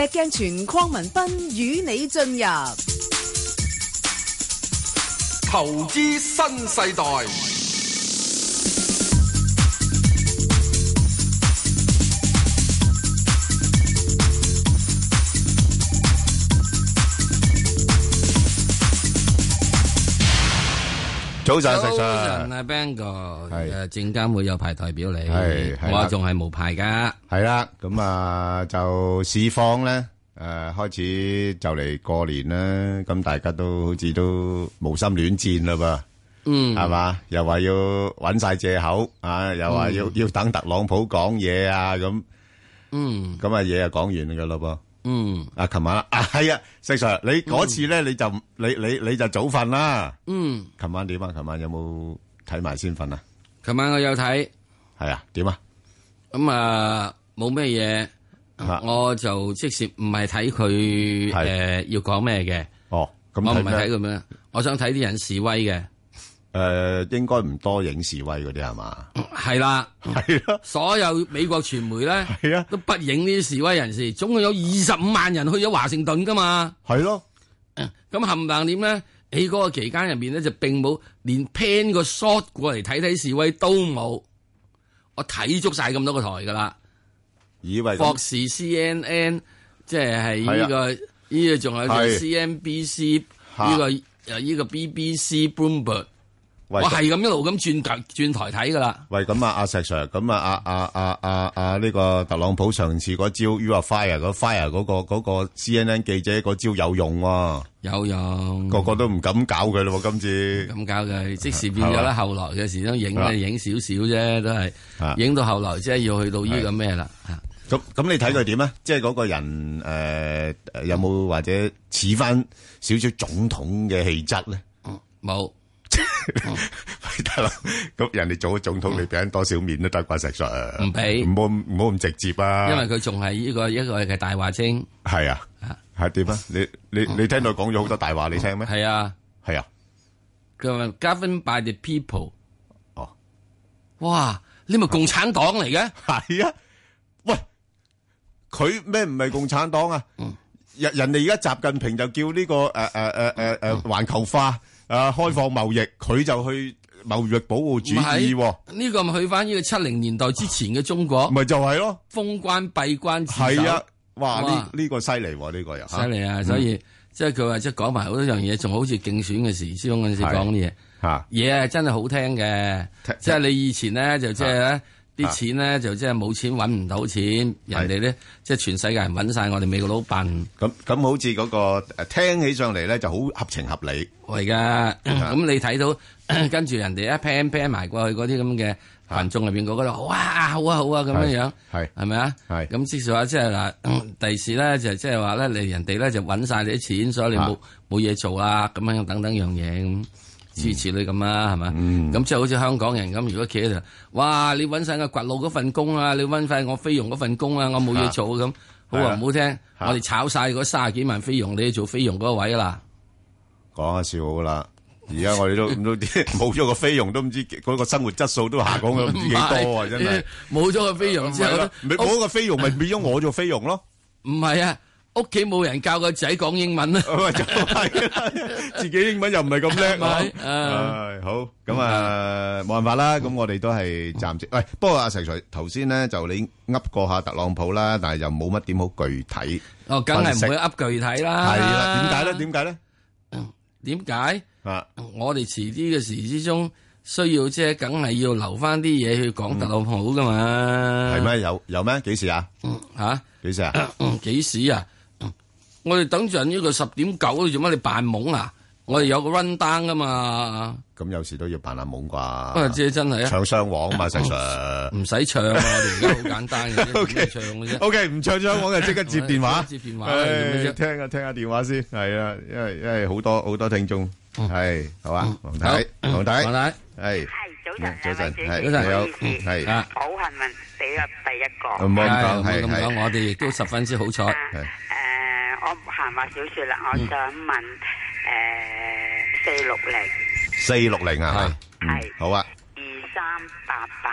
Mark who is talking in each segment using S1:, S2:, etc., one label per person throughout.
S1: 石鏡泉鄺文斌與你進入
S2: 投資新世代。
S3: 早晨，早晨
S2: 啊，Bang 哥，係誒，證監會有牌代表
S3: 你，我仲
S2: 係無牌噶。
S3: 係啦，咁啊就四方咧，誒開始就嚟過年啦，咁大家都好似都無心戀戰啦噃，嗯，係嘛，又話要揾晒借口啊，又話要要等特朗普講嘢啊咁，嗯，咁啊嘢啊講完噶咯噃。嗯，啊，琴晚啊，係啊，s 四叔，你嗰次咧你就你你你就早瞓啦。嗯，琴晚點啊？琴晚有冇睇埋先瞓啊？
S2: 琴晚我有睇。係啊，點啊？咁啊，冇咩嘢，我就即時唔係睇佢誒要講咩嘅。哦，咁我唔係睇佢咩，我想睇啲人示威嘅。誒，應該唔多影示威嗰啲係嘛？係啦，係咯。 啊、 所有美國傳媒咧，係啊，都不影呢啲示威人士。總共有二十五萬人去咗華盛頓噶嘛？係咯、啊。咁冚唪唥點咧？喺 嗰、嗯、個期間入面咧，就並冇連 pan 個 shot 過嚟睇睇示威都冇。我睇足晒咁多個台噶啦。以為 Fox CNN 即係係呢個呢、啊、個仲有 CNBC 呢個又呢、啊、個 BBC Bloomberg。我係咁一路咁轉台轉
S3: 台睇噶啦。喂，咁啊阿石 Sir，咁啊阿阿阿阿阿呢個特朗普上次嗰招 You are fire 嗰 fire 嗰、那個、啊那個、那個、CNN 記者嗰招有用喎、啊，有用，個個都唔敢搞佢咯，今次。咁搞佢，
S2: 即時變咗啦，吧後來嘅時都影
S3: 影少少啫，都係
S2: 影、啊、到後來即係要去到個、啊、呢個咩啦吓。咁
S3: 咁你睇佢點咧？即係嗰個人誒、呃、有冇或者似翻少少總統嘅氣質咧？冇。嗯嗯得啦，咁人哋做咗總統，你俾多少面都得瓜實實啊？唔俾，唔好唔好咁直接啊！因為佢仲係
S2: 呢個一個嘅大話精。
S3: 係啊，係點啊？你你你聽到講咗好多大話，你
S2: 聽咩？係啊，係啊。佢話 governed by the people。哦，
S3: 哇！你咪共產黨嚟嘅？係啊。喂，佢咩唔係共產黨啊？人人哋而家習近平就叫呢個誒誒誒誒誒環球化。啊！開放貿易，佢就去貿易保護主義。
S2: 呢個咪去翻呢個七零年代之前嘅中國。咪就係咯，
S3: 封關閉
S2: 關。係啊！
S3: 哇！呢呢個犀利喎，呢個又犀利
S2: 啊！所以即係佢話，即係講埋好多樣嘢，仲好似競選嘅時先開始講嘢。嚇嘢係真係好聽嘅，即係你以前咧就即係咧。啲錢咧就即係冇錢揾唔到錢，錢人哋咧的即係全世界人揾晒我哋美國佬笨。咁咁好似嗰、那個誒聽起上嚟咧就好合情合理，係噶。咁你睇到跟住人哋一 pan pan 埋過去嗰啲咁嘅羣眾入邊嗰個咧，的哇，好啊好啊咁樣樣，係係咪啊？係的。咁、嗯、即係話即係嗱，第時咧就即係話咧，嚟人哋咧就揾晒你啲錢，所以你冇冇嘢做啊，咁的樣等等樣嘢咁。等等支持你咁啦，係嘛？咁即係好似香港人咁，如果企喺度，哇！你搵晒我掘路嗰份工，份工啊，你搵晒我菲傭嗰份工啊，我冇嘢做咁。好話唔好聽，我哋炒晒嗰三十幾萬菲傭，你做菲傭嗰位啦。
S3: 講下笑好啦，而家我哋都冇咗 個菲傭，都唔知嗰個生活質素都下降咗唔知幾多，多啊！真係
S2: 冇咗個菲傭之後，冇、 啊、個菲傭咪變咗我做菲傭咯？唔係、啊。屋企冇人教個仔講英文啦，就係
S3: 自己英文又唔係咁叻，誒，好咁啊，冇辦法啦。咁我哋都係暫時喂。不過阿齊齊頭先咧就，你噏過下特朗普啦，但係又冇乜點好具體。哦，梗係唔會噏具體啦。係啦，點解咧？點解咧？
S2: 點解？啊，我哋遲啲嘅時之中需要即係，梗係要留翻啲嘢去講特朗普噶嘛？係咩？有有咩？幾時啊？吓？幾時啊？幾時啊？我哋等住喺呢個十點九做乜？你扮懵啊！我哋有個 run down 噶嘛。
S3: 咁有時都要扮下懵啩。
S2: 啊，這真係啊！唱雙
S3: 簧嘛，Sir，唔使唱啊，好簡單嘅。O K，唱嘅啫。O K，唔唱雙簧就即刻接電話。接電話，聽啊，聽下電話先。係啊，因為因為好多好多聽眾係，係嘛，黃太，黃太，黃太，係。係早晨，早晨，早晨，好，唔該，好。好
S1: 幸運，俾我第一個。唔好咁講，唔好咁講，我
S3: 哋亦都十分之好彩。我唔閒話少說啦，我想問，誒四六零四六零係嘛？係好啊，二三八八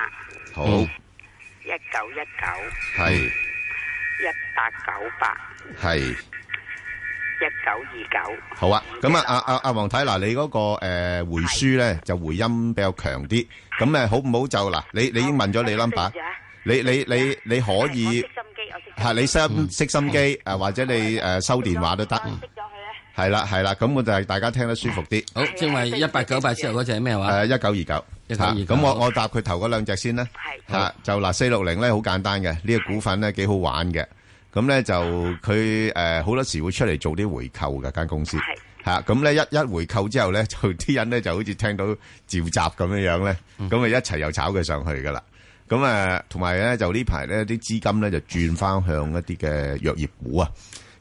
S3: 好，
S1: 一九一九係，一八九八係，一九
S3: 二九好啊。咁啊，阿阿阿黃太嗱，你嗰個誒回書咧就回音比較強啲，咁誒好唔好就嗱你你已經問咗你 number，你你你你可以。係你心識心機，誒或者你誒收電話都得。係啦係啦，咁我就係大家聽得舒服啲。好，正係一八九八之後嗰隻咩話？誒，一九二九。一九二九。咁我我答佢頭嗰兩隻先啦。係。吓，就嗱四六零咧，好簡單嘅呢個股份咧，幾好玩嘅。咁咧就佢誒好多時會出嚟，做啲回購噶間公司。係。吓，咁咧一一回購之後咧，就啲人咧就好似聽到召集咁樣樣咧，咁啊一齊又炒佢上去噶啦。咁誒，同埋咧就呢排咧啲資金咧就轉翻向一啲嘅藥業股啊！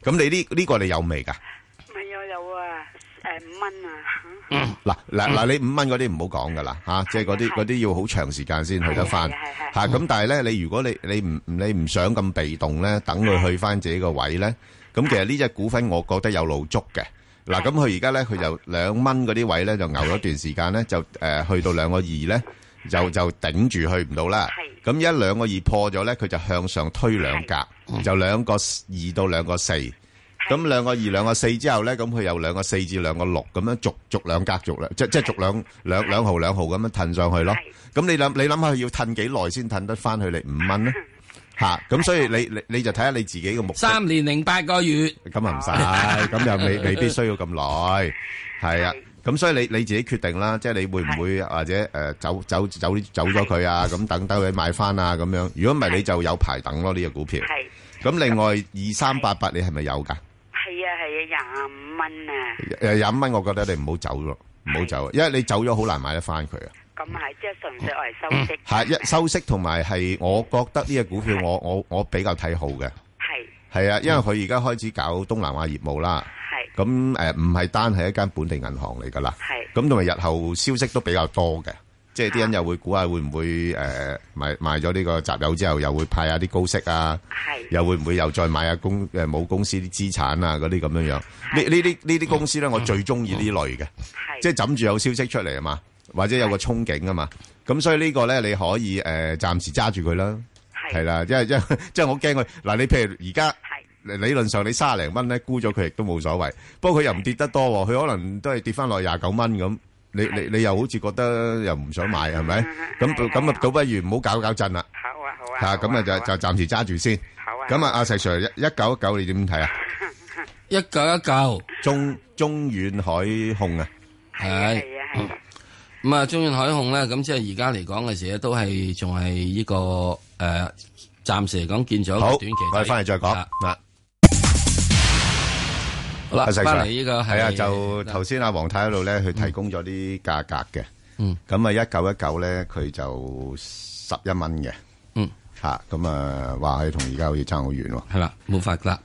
S3: 咁你呢呢個你有未㗎？係啊，
S1: 有啊，誒五蚊
S3: 啊！嗱嗱嗱，你五蚊嗰啲唔好講㗎啦吓，即係嗰啲嗰啲要好長時間先去得翻。係係吓，咁但係咧，你如果你你唔你唔想咁被動咧，等佢去翻自己個位咧，咁其實呢隻股份我覺得有路捉嘅。嗱，咁佢而家咧佢就兩蚊嗰啲位咧就牛咗一段時間咧，就誒去到兩個二咧。就就頂住去唔到啦，咁一兩個二破咗咧，佢就向上推兩格，就兩個二到兩個四，咁兩個二兩個四之後咧，咁佢由兩個四至兩個六咁樣逐逐兩格逐，即即係逐兩兩兩毫兩毫咁樣褪上去咯。咁你諗你諗下佢要褪幾耐先褪得翻去你五蚊咧？吓，咁所以你你你就睇下你自己嘅目三年零八個月，咁又唔使，咁又未未必需要咁耐，係啊。咁所以你你自己決定啦，即係你會唔會或者誒走走走走咗佢啊？咁等低佢買翻啊咁樣。如果唔係，你就有排等咯呢隻股票。係。咁另外二三八八，你係咪有㗎？係啊係啊，
S1: 廿
S3: 五蚊啊！誒廿五蚊，我覺得你唔好走咯，唔好走，因為你走咗好難買得翻佢啊。咁
S1: 係即係純粹為收息。係一
S3: 收息同埋係，我覺得呢隻股票我我我比較睇好嘅。係。係啊，因為佢而家開始搞東南亞業務啦。咁誒唔係單係一間本地銀行嚟㗎啦，咁同埋日後消息都比較多嘅，即係啲人又會估下會唔會誒賣賣咗呢個集友之後，又會派下啲高息啊，又會唔會又再買下公誒冇公司啲資產啊嗰啲咁樣樣？呢呢啲呢啲公司咧，我最中意呢類嘅，即係枕住有消息出嚟啊嘛，或者有個憧憬啊嘛，咁所以呢個咧你可以誒暫時揸住佢啦，係啦，因為因為因為我好驚佢嗱，你譬如而家。理論上你卅零蚊咧沽咗佢亦都冇所謂，不過佢又唔跌得多，佢可能都係跌翻落廿九蚊咁。你你你又好似覺得又唔想買係咪？咁咁啊，倒不如唔好搞搞震啦。好啊好啊。嚇咁啊就就暫時揸住先。好啊。咁啊，阿細 Sir 一九一九你點睇啊？一九一九中中遠海
S2: 控啊，係啊係啊係。咁啊，中遠海控咧，咁即係而家嚟講嘅時咧，都係仲係呢個誒暫時嚟講見咗好短期。我翻嚟再
S3: 講。好啦，阿細哥，係啊，就頭先阿黃太喺度咧，佢提供咗啲價格嘅，咁啊一九一九咧，佢就十一蚊嘅，嗯，吓咁啊話係同而家好似差好遠喎，係
S2: 啦。冇法噶，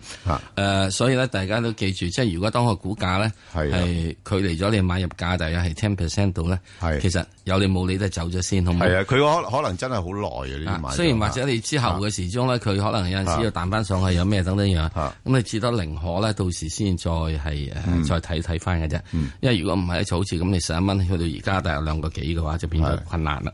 S2: 誒，所以咧，大家都記住，即係如果當個股價咧係距離咗你買入價，大約係 ten percent 度咧，係其實有你冇你，都係走咗先，好唔好？係啊，佢
S3: 可可能真係好耐啊。呢啲雖然或者
S2: 你之後嘅時鐘咧，佢可能有陣時要彈翻上去，有咩等等樣，咁你至得寧可咧，到時先再係誒再睇睇翻嘅啫，因為如果唔係就好似咁，你十一蚊去到而家，大約兩個幾嘅話，就變咗困難啦。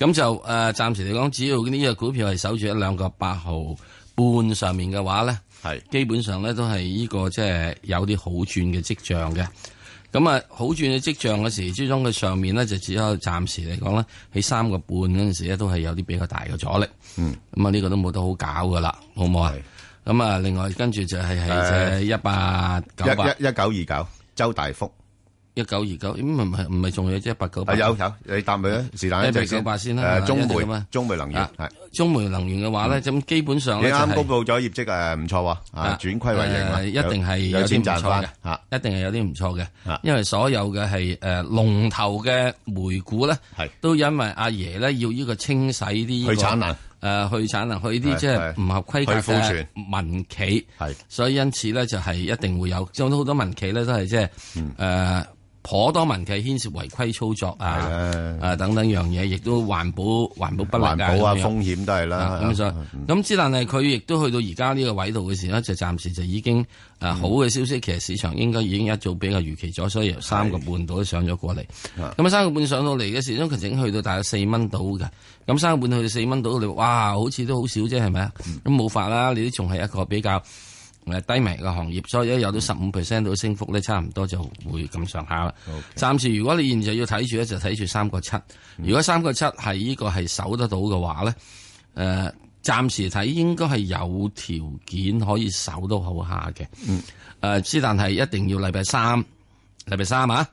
S2: 咁就誒暫時嚟講，只要呢個股票係守住一兩個八毫半上面嘅話咧，係是基本上咧都係呢、這個即係、就是、有啲好轉嘅跡象嘅。咁啊，好轉嘅跡象嘅時，之中嘅上面咧就只可暫時嚟講咧喺三個半嗰陣時咧都係有啲比較大嘅阻力。嗯，咁啊呢個都冇得好搞㗎喇，好唔好啊？咁是啊，另外跟住就係係一八九一
S3: 一九二九
S2: 周大福。一九二九，唔係唔係，仲有即係八九八。有有，你答佢啦。是但一隻先，八先啦。中煤，嘛，中煤能源係。中煤能源嘅話咧，咁基本上你啱公
S3: 佈咗業績誒，唔錯喎，轉虧為盈啊，一定係有啲賺翻嘅嚇，一定係有啲唔錯嘅嚇，因
S2: 為所有嘅係誒龍頭嘅煤股咧，都因為阿爺咧要呢個清洗啲去產能誒，去產能去啲即係唔合規格嘅民企，係，所以因此咧就係一定會有，因為好多民企咧都係即係誒。好多民企牽涉違規操作啊，的啊等等樣嘢，亦都環保環保不力啊，保啊樣風險都
S3: 係啦。咁所以
S2: 咁之但係佢亦都去到而家呢個位度嘅時候呢，就暫時就已經啊、嗯、好嘅消息，其實市場應該已經一早比較預期咗，所以由三個半到都上咗過嚟。咁啊的、嗯、三個半上到嚟嘅時，中其實已經去到大概四蚊到嘅。咁三個半去到四蚊到你哇，好似都好少啫，係咪啊？咁冇、嗯、法啦，你都仲係一個比較。低迷個行業，所以一有到十五 percent 到升幅咧，差唔多就會咁上下啦。暫 Okay. 時如果你現在要睇住咧，就睇住三個七。如果三個七係呢個係守得到嘅話咧，誒、呃，暫時睇應該係有條件可以守到好下嘅。誒、mm. 呃，之但係一定要禮拜三，禮拜三啊，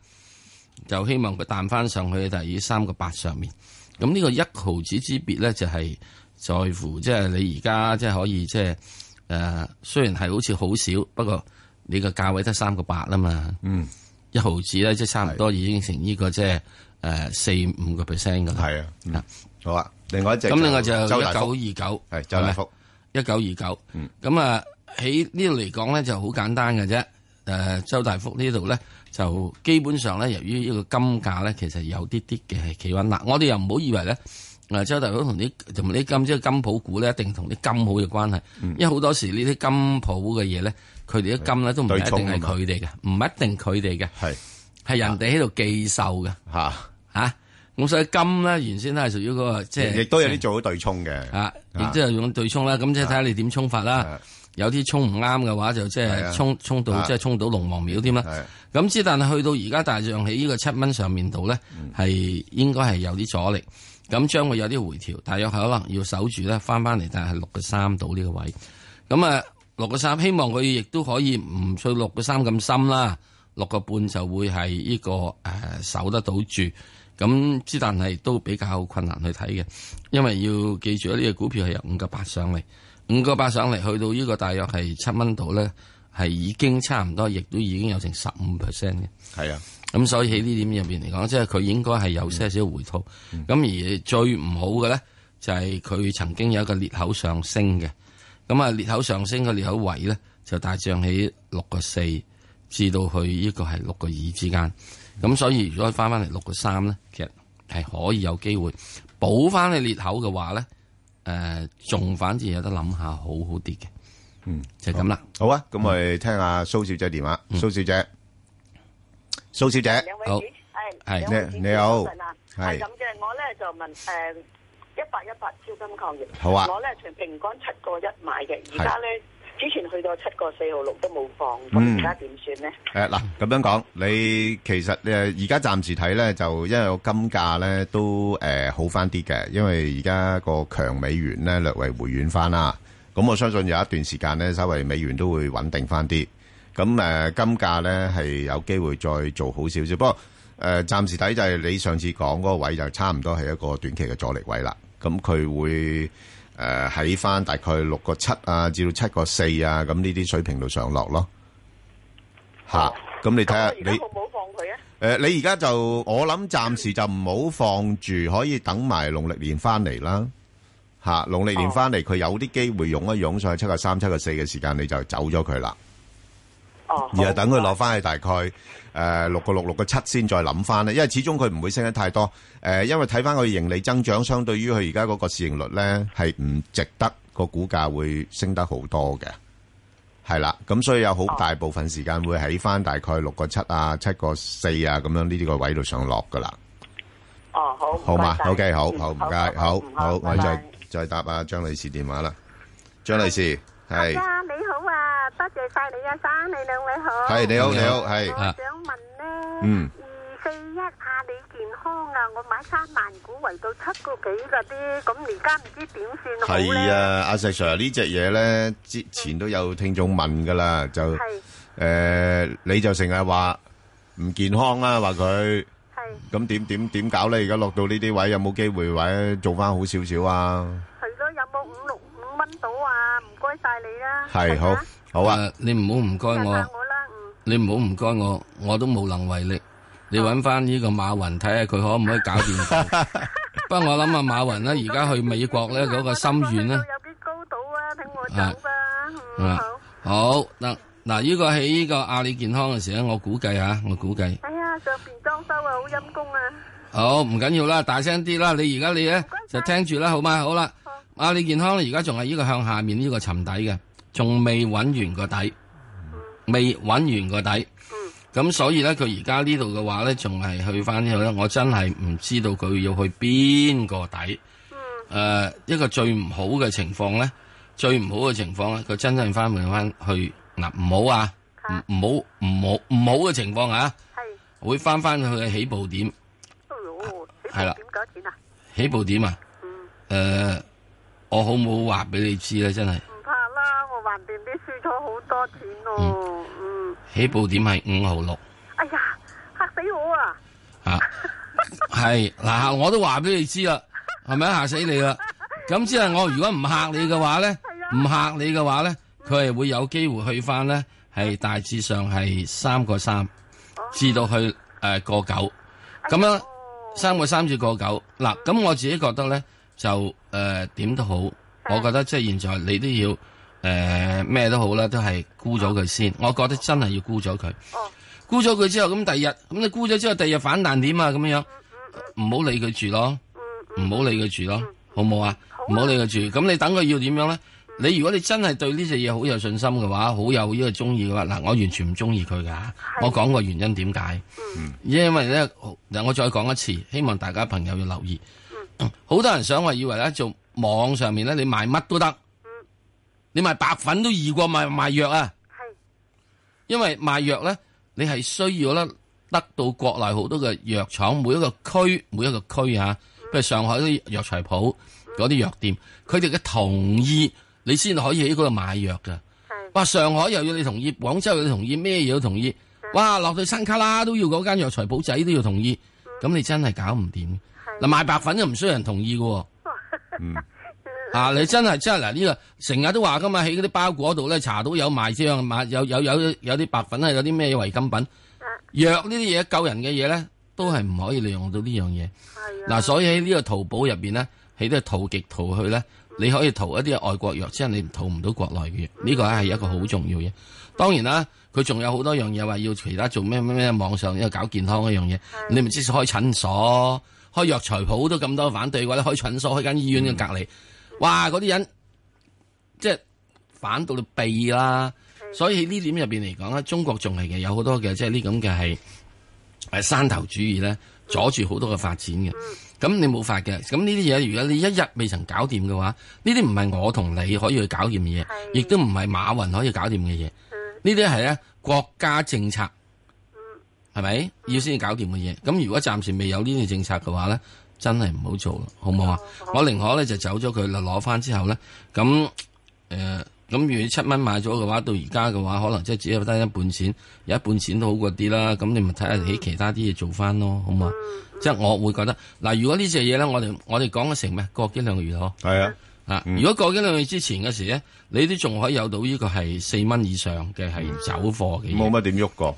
S2: 就希望佢彈翻上去第二三個八上面。咁、嗯、呢個一毫子之別咧，就係、是、在乎即係、就是、你而家即係可以即係。就是誒，uh, 雖然係好似好少，不過你個價位得三個八啦嘛，嗯，一毫子咧，即、就、係、是、差唔多已經成呢、這個即係誒四五個 percent 噶啦，係是、呃、啊，嗱、嗯，好啊，另外一隻咁，另外就一九二九，係周大福一九二九，咁啊喺呢度嚟講咧就好簡單嘅啫，誒，周大福29、嗯、呢度咧就、呃、就基本上咧由於呢個金價咧其實有啲啲嘅係企穩啦，我哋又唔好以為咧。嗱，即係大佬同啲同啲金，即係金普股咧，一定同啲金好嘅關係，因為好多時呢啲金普嘅嘢咧，佢哋啲金咧都唔一定係佢哋嘅，唔一定佢哋嘅係係人哋喺度寄售嘅吓吓。咁所以金咧原先都係屬於嗰個即係亦都有啲
S3: 做對沖嘅啊，亦都係
S2: 用對沖啦。咁即係睇下你點沖法啦。有啲沖唔啱嘅話，就即係沖沖到即係沖到龍王廟添啦。咁之但係去到而家大象起呢個七蚊上面度咧，係應該係有啲阻力。咁將會有啲回調，大約係可能要守住咧，翻翻嚟，但係六個三到呢個位，咁啊六個三，3，希望佢亦都可以唔去六個三咁深啦，六個半就會係呢、這個誒、呃、守得到住，咁之但係都比較困難去睇嘅，因為要記住呢、這個股票係由五個八上嚟，五個八上嚟去到呢個大約係七蚊度咧，係已經差唔多，亦都已經有成十五 percent 嘅，係啊。咁所以喺呢點入邊嚟講，即係佢應該係有些少回吐。咁、嗯、而最唔好嘅咧，就係、是、佢曾經有一個裂口上升嘅。咁、嗯、啊裂口上升嘅裂口位咧，就大漲喺六個四至到去呢個係六個二之間。咁、嗯嗯、所以如果翻翻嚟六個三咧，其實係可以有機會補翻你裂口嘅話咧，誒、呃，仲反正有得諗下，好好啲嘅。嗯，
S3: 就咁啦。好啊，咁我哋聽下蘇小姐電話。蘇、嗯、小姐。蘇小姐，兩位主持，你好，係是，你好是，係咁嘅。我咧就問，誒、呃，一八一八超金礦業，好啊。我咧全平均七個一買嘅，而
S1: 家咧之前去到七個四號六都冇放，咁而家點
S3: 算咧？誒，嗱、啊，咁樣講，你其實誒，而家暫時睇咧，就因為個金價咧都誒、呃、好翻啲嘅，因為而家個強美元咧略為回軟翻啦。咁我相信有一段時間咧，稍微美元都會穩定翻啲。咁誒，金價咧係有機會再做好少少，不過誒、呃，暫時睇就係、是、你上次講嗰個位就差唔多係一個短期嘅阻力位啦。咁佢會誒喺翻大概六個七啊，至到七個四啊，咁呢啲水平度上落咯。嚇、哦！咁、啊、你睇下你誒，你而家就我諗暫時就唔好放住，可以等埋農曆年翻嚟啦。嚇、啊！農曆年翻嚟，佢、哦、有啲機會湧一湧上去七個三、七個四嘅時間，你就走咗佢啦。而係等佢落翻去大概誒六個六六個七先再諗翻咧，因為始終佢唔會升得太多誒，因為睇翻佢盈利增長相對於佢而家嗰個市盈率咧係唔值得個股價會升得好多嘅，係啦，咁所以有好大部分時間會喺翻大概六個七啊七個四啊咁樣呢啲個位度上落噶啦。
S1: 哦，好，好嘛，OK 好好唔該，
S3: 好好，我再再打阿張女士電話啦，張女士係。
S1: 多謝晒你啊，生你兩位好。係你好，你好，係。我想問咧，二四一阿里健康啊，我買
S3: 三萬股，圍到七個幾嗰啲，咁而家唔知點算好咧？係啊，阿細 Sir 呢隻嘢咧，之前都有聽眾問噶啦，就誒，你就成日話唔健康啦，話佢，咁點點點搞咧？而家落到呢啲位，有冇機會位做翻好少少啊？係咯，有冇五六五
S2: 蚊
S1: 到啊？唔
S3: 該晒你啦，係
S2: 好。好啊！你唔好唔該我，你唔好唔該我，我都無能為力。你揾翻呢個馬雲睇下佢可唔可以搞掂？不過我諗啊，馬雲咧而家去美國咧嗰個心願咧，有啲高度啊，俾我走啦。好嗱嗱，呢個喺呢個阿里健康嘅時候咧，我估計吓，我估計。
S1: 哎呀，上邊裝修啊，
S2: 好陰功啊！好唔緊要啦，大聲啲啦！你而家你咧就聽住啦，好嘛？好啦，阿里健康而家仲係呢個向下面呢個沉底嘅。仲未搵完個底，未搵完個底，咁、嗯、所以咧，佢而家呢度嘅話咧，仲係去翻呢度咧，我真係唔知道佢要去邊個底。誒、嗯呃，一個最唔好嘅情況咧，最唔好嘅情況咧，佢真正翻回翻去嗱唔好啊，唔唔好唔好唔好嘅情況啊，是會翻翻去嘅起步點。係啦、哦，起步點幾多錢啊？起步點啊？誒、嗯呃，我好冇話俾你知咧，真係。嗯邊啲輸咗好多錢咯，嗯，起步點係五號六。哎呀，吓死我啊！啊，係嗱， 我都話俾你知啦，係咪吓死你啊？咁即係我如果唔吓你嘅話咧，唔吓、啊、你嘅話咧，佢係會有機會去返咧，係大致上係三個三至到去誒個九，咁、呃哎、呀樣三個三至個九。嗱，咁我自己覺得咧，就誒點、呃、都好，啊、我覺得即係現在你都要。誒，咩、呃、都好啦，都係沽咗佢先。我覺得真係要沽咗佢。沽咗佢之後，咁第二日，咁你沽咗之後，第二日反彈點啊？咁樣樣，唔好理佢住咯，唔好理佢住咯，好冇啊？唔好理佢住，咁你等佢要點樣咧？你如果你真係對呢隻嘢好有信心嘅話，好有呢個中意嘅話，嗱，我完全唔中意佢噶。我講個原因點解？因為咧，嗱，我再講一次，希望大家朋友要留意。好多人想話以為咧，做網上面咧，你賣乜都得。你賣白粉都易過賣賣藥啊！係，因為賣藥咧，你係需要咧得到國內好多嘅藥廠每一個區每一個區吓、啊，譬如上海啲藥材鋪嗰啲藥店，佢哋嘅同意你先可以喺嗰度買藥噶。係是，哇！上海又要你同意，廣州又要你同意，咩嘢都同意。哇！落到山卡啦都要嗰間藥材鋪仔都要同意，咁、嗯、你真係搞唔掂。嗱是，賣白粉就唔需要人同意嘅。嗯。啊！你真係真係嗱呢個成日都話噶嘛，喺嗰啲包裹度咧查到有賣即係賣有有有有啲白粉係有啲咩違禁品、藥呢啲嘢，救人嘅嘢咧，都係唔可以利用到呢樣嘢。係嗱的、啊，所以喺呢個淘寶入邊咧，喺呢度淘極淘去咧，嗯、你可以淘一啲外國藥，即係你淘唔到國內嘅藥。呢、呢個係一個好重要嘅。當然啦，佢仲有好多樣嘢話要其他做咩咩咩網上又搞健康嗰樣嘢，的你咪即係開診所、開藥材鋪都咁多反對或者，開診所開間醫院嘅隔離。嗯哇！嗰啲人即係反到你弊啦，所以喺呢點入邊嚟講咧，中國仲係嘅有好多嘅即係呢咁嘅係山頭主義咧，阻住好多嘅發展嘅。咁、嗯、你冇法嘅。咁呢啲嘢，如果你一日未曾搞掂嘅話，呢啲唔係我同你可以去搞掂嘅嘢，亦的都唔係馬雲可以搞掂嘅嘢。呢啲係咧國家政策，係咪要先搞掂嘅嘢？咁如果暫時未有呢啲政策嘅話咧？真係唔好做啦，好唔好啊？我寧可咧就走咗佢，啦攞翻之後咧，咁誒，咁、呃、如果七蚊買咗嘅話，到而家嘅話，可能即係只有得一半錢，有一半錢都好過啲啦。咁你咪睇下起其他啲嘢做翻咯，好唔好啊？即係我會覺得嗱，如果呢隻嘢咧，我哋我哋講得成咩？過幾兩個月咯，係啊，啊、嗯，如果過幾兩個月之前嘅時咧，你都仲可以有到呢個係四蚊以上嘅係走貨嘅，冇乜點喐過，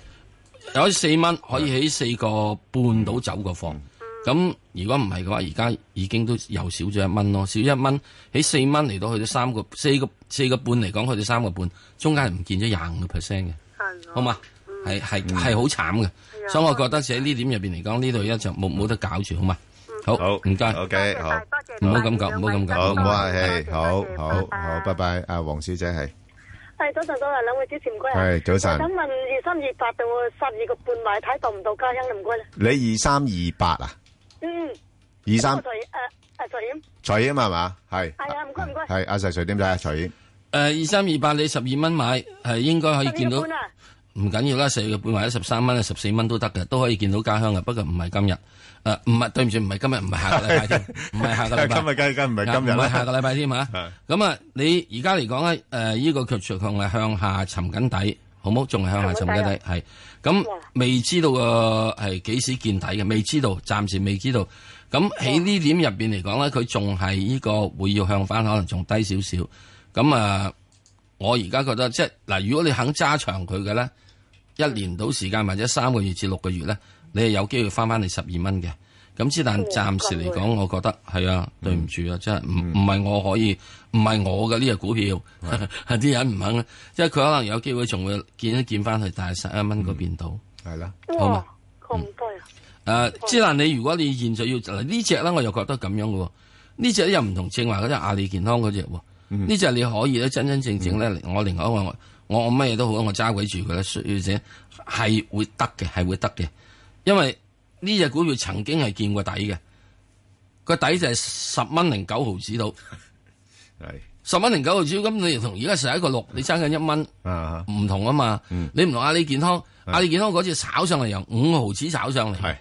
S2: 有四蚊可以起四個半到走個方。咁如果唔係嘅話，而家已經都又少咗一蚊咯，少一蚊喺四蚊嚟到，去到三個四個四個半嚟講，去到三個半中間係唔見咗廿五個 percent 嘅，好嘛？係係係好慘嘅，所以我覺得喺呢點入邊嚟講，呢度一就冇冇得搞住，好嘛？好，好唔該，OK，好，唔好咁講，唔好咁
S3: 講，好，唔該，好好拜拜，阿黃小姐係，係早晨，早晨，兩位主持人，唔該，係早晨，想
S1: 問二三二八到十二個半買睇到唔到嘉欣，唔該
S3: 你二三二八啊？嗯，二三，
S1: 誒
S3: 誒，財險，財險嘛係嘛，係係啊，唔該唔該，係阿 Sir，財險唔使啊，財誒，二三二八，你十二蚊
S2: 買，係、啊、應該可以見到，唔緊要啦，四月半或者十三蚊、十四蚊都得嘅，都可以見到家鄉嘅，不過唔係今日，誒唔係，對唔住，唔係今日，唔係下個禮拜添，唔係、 啊、下個禮拜，今日梗梗唔係今日，唔係下個禮拜添吓，咁啊，你而家嚟講咧，誒、啊、呢、這個腳長係向下沉緊底，好唔好？仲係向下沉緊底係。嗯嗯咁未知道個係幾時見底嘅，未知道，暫時未知道。咁喺呢點入邊嚟講咧，佢仲係呢個會要向翻，可能仲低少少。咁啊，我而家覺得即係嗱，如果你肯揸長佢嘅咧，一年到時間或者三個月至六個月咧，你係有機會翻翻嚟十二蚊嘅。咁之但暫時嚟講，我覺得係啊，對唔住啊，真係唔唔係我可以，唔係我嘅呢隻股票，啲人唔肯，啊。即係佢可能有機會仲會見一見翻去大十一蚊嗰邊度，係啦，好。咁多啊？誒之但你如果你現在要嚟呢隻咧，我又覺得咁樣嘅喎，呢隻又唔同正話嗰隻阿里健康嗰隻喎，呢隻你可以咧真真正正咧，我另外一個我我乜嘢都好，我揸鬼住佢咧，所以者係會得嘅，係會得嘅，因為。呢隻股票曾經係見過底嘅，個底就係十蚊零九毫子度，係十蚊零九毫子。咁你, 6, 你、啊啊、同而家十一個六，你爭緊一蚊，唔同啊嘛。嗯、你唔同阿里健康，是阿里健康嗰次炒上嚟，由五毫子炒
S3: 上嚟，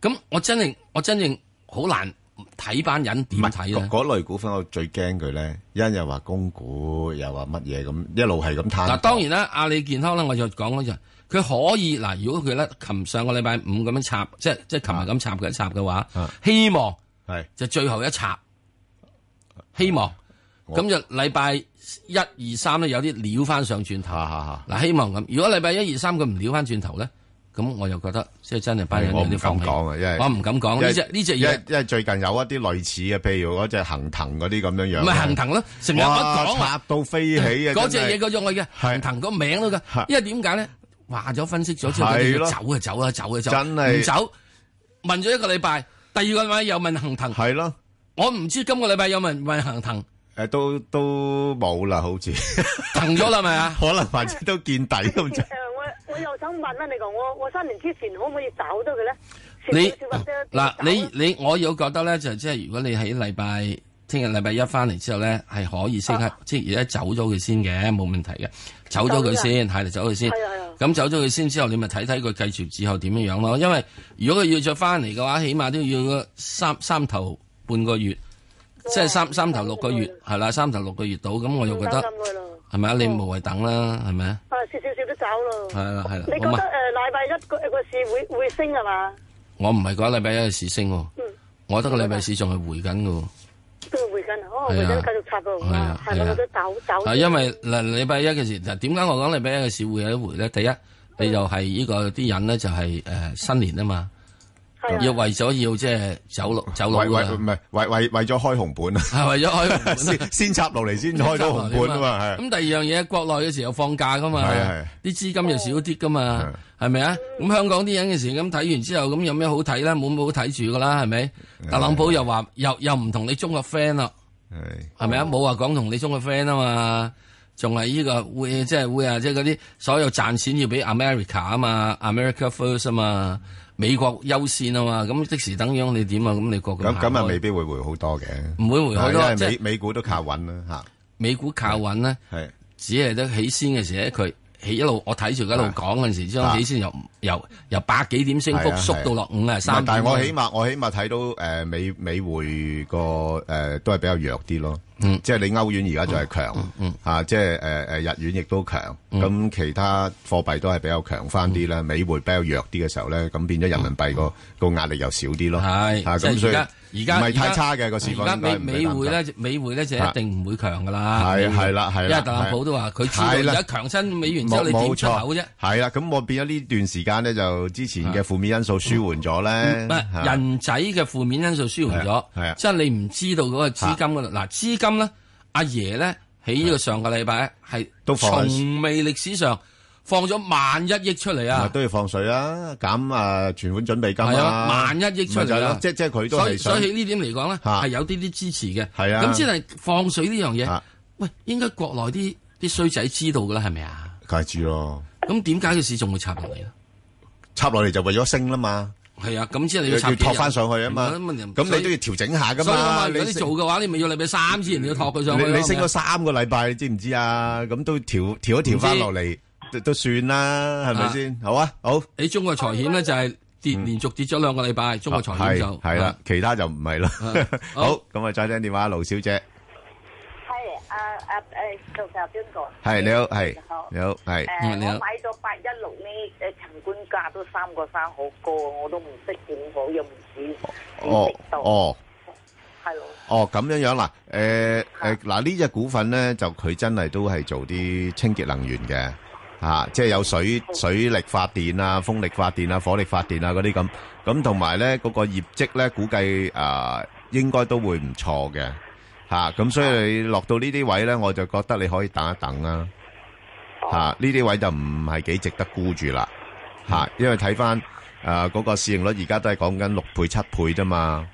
S3: 咁是我真正我真正好難。睇班人點睇咯，嗰類股份我最驚佢咧，因又話供股又話乜嘢咁，一路係咁攤。嗱，
S2: 當然啦，阿里健康咧，我又講嗰陣，佢可以嗱，如果佢咧琴上個禮拜五咁樣插，即係即係琴日咁插嘅插嘅話，希望係、嗯、就最後一插，嗯、希望咁就禮拜一二三咧有啲撩翻上轉頭。嗱、嗯，希望咁，如果禮拜一二三佢唔撩翻轉頭咧，咁我又覺得即係真係擺喺有啲放棄嘅，因為我唔敢講呢隻呢隻嘢，
S3: 因為最近有一啲類似嘅，譬如嗰隻恆騰嗰啲咁樣樣，唔係恆騰咯，成日講啊，插到飛起啊，嗰隻嘢嗰種嚟嘅。恆騰個名都噶，因為
S2: 點解咧？話咗分析咗之後，要
S3: 走啊，走啊，走啊，走唔走？
S2: 問咗一個禮拜，第二個禮拜又問恆騰。係咯。我唔知今
S3: 個禮拜有問問恆騰。誒，都都冇啦，好似騰咗啦，咪啊？可能或者都見底咁
S1: 我又想
S2: 問啦，你講我我三年之前可唔可以走到佢咧你？你嗱，你你我有覺得咧，就即、係、係如果你喺禮拜聽日禮拜一翻嚟之後咧，係可以、啊、即刻即而家走咗佢先嘅，冇問題嘅，走咗佢先，係嚟走佢先，先。咁走咗佢先之後，你咪睇睇佢繼續之後點樣樣咯。因為如果佢要再翻嚟嘅話，起碼都要三三頭半個月，哇即係三三頭六個月係啦，三頭六個月到咁，我又覺得係咪啊？你無謂等啦，係咪啊？少少少少少係啦係啦，你覺得誒禮拜一
S1: 個個市會會升係嘛？
S2: 我唔係講禮拜一嘅市升，我覺得個禮拜市仲係回緊嘅。都係
S1: 回緊，哦，回繼續擦係走走。啊，因為
S2: 嗱，禮拜一嘅時，嗱，點解我講禮拜一嘅市會有一回咧？第一，你就係呢個啲人咧，就係誒新年啊嘛。要為咗要即係走落走落唔係
S3: 為為為咗開紅本啊！係為咗開紅本先插落嚟，先開到紅本啊嘛係。咁
S2: 第二樣嘢，國內嘅時候又放假噶嘛，啲資 金又少啲噶嘛，係咪啊？咁的香港啲人嘅時咁睇完之後咁有咩好睇咧？冇冇睇住噶啦，係咪？的特朗普又話又又唔同你中國 friend 咯，係咪啊？冇話講同你中國 friend 啊嘛，仲係呢個會即係、即係、會啊！即係嗰啲所有賺錢要俾 America 啊嘛，America first 啊嘛。美國優先啊嘛，咁即時等你樣你點啊？咁你國咁咁咁啊未必
S3: 會回好多嘅。
S2: 唔會回好多，因美係美股都靠穩啦吓。美股靠穩咧，係只係得起先嘅時候，佢起一路我睇住一路講嗰陣時候，將起先由又又百幾點升幅縮到落五呀三。但係我起碼
S3: 我起碼睇到誒、呃、美美匯個誒都係比較弱啲咯。即係你歐元而家就係強，嗯，即係誒誒日元亦都強，咁其他貨幣都係比較強翻啲啦，美匯比較弱啲嘅時候咧，咁變咗人民幣個個壓力又少啲咯。係，即係而家而家而家美美匯咧，
S2: 美匯咧就一定唔會強噶啦。係係啦係，因為特朗普都話佢自己而家強身美元之後你冇出口啫？
S3: 係啦，咁我變咗呢段時間咧就之前嘅負面因素舒緩咗咧。人
S2: 仔嘅負面因素舒緩咗，係即係你唔知道嗰個金度嗱資金。咁咧，阿爺咧喺呢個上個禮拜係，都從未歷史上放咗萬一
S3: 億出嚟啊！都要放水啊，減啊存款準備金啊，萬一億出嚟啦、啊，即即係佢都所以，所以喺呢
S2: 點嚟講咧，係、啊、有啲啲支持
S3: 嘅。係啊，咁先係
S2: 放水呢樣嘢。喂、啊，應該國內啲啲衰仔知道噶啦，係咪啊？
S3: 梗係知咯。咁點解個市仲會插落嚟咧？插落嚟就為咗升啦嘛。
S2: 係啊，咁先嚟要托翻上去啊嘛。咁你都要調整下噶嘛。你做嘅話，你咪要禮拜三之前要托佢上去。你升咗
S3: 三個禮拜，你知唔知啊？咁都調調一調翻落嚟，都都算啦，係咪先？好啊，好。你中國財險咧就係跌，連續跌咗兩個禮
S2: 拜。中國財險就係啦，
S3: 其他就唔係啦。好，咁啊，再聽電話，盧小姐。阿阿誒，邊個，係你好，係你好，係你好，係誒，我買咗八一六呢，誒，陳冠
S1: 價都三個三好高，我都唔識點好，又唔知點
S3: 識到，哦，係咯，哦咁樣樣啦，誒誒，嗱呢隻股份咧就佢真係都係做啲清潔能源嘅，啊，即係有水水力發電啊、風力發電啊、火力發電啊嗰啲咁，咁同埋咧嗰個業績咧估計啊應該都會唔錯嘅。吓，咁、啊、所以你落到呢啲位呢，我就覺得你可以等一等啦、啊。吓、啊，呢啲位就唔係幾值得沽住啦。吓、啊，因為睇翻誒嗰個市盈率而家都係講緊六倍、七倍啫嘛。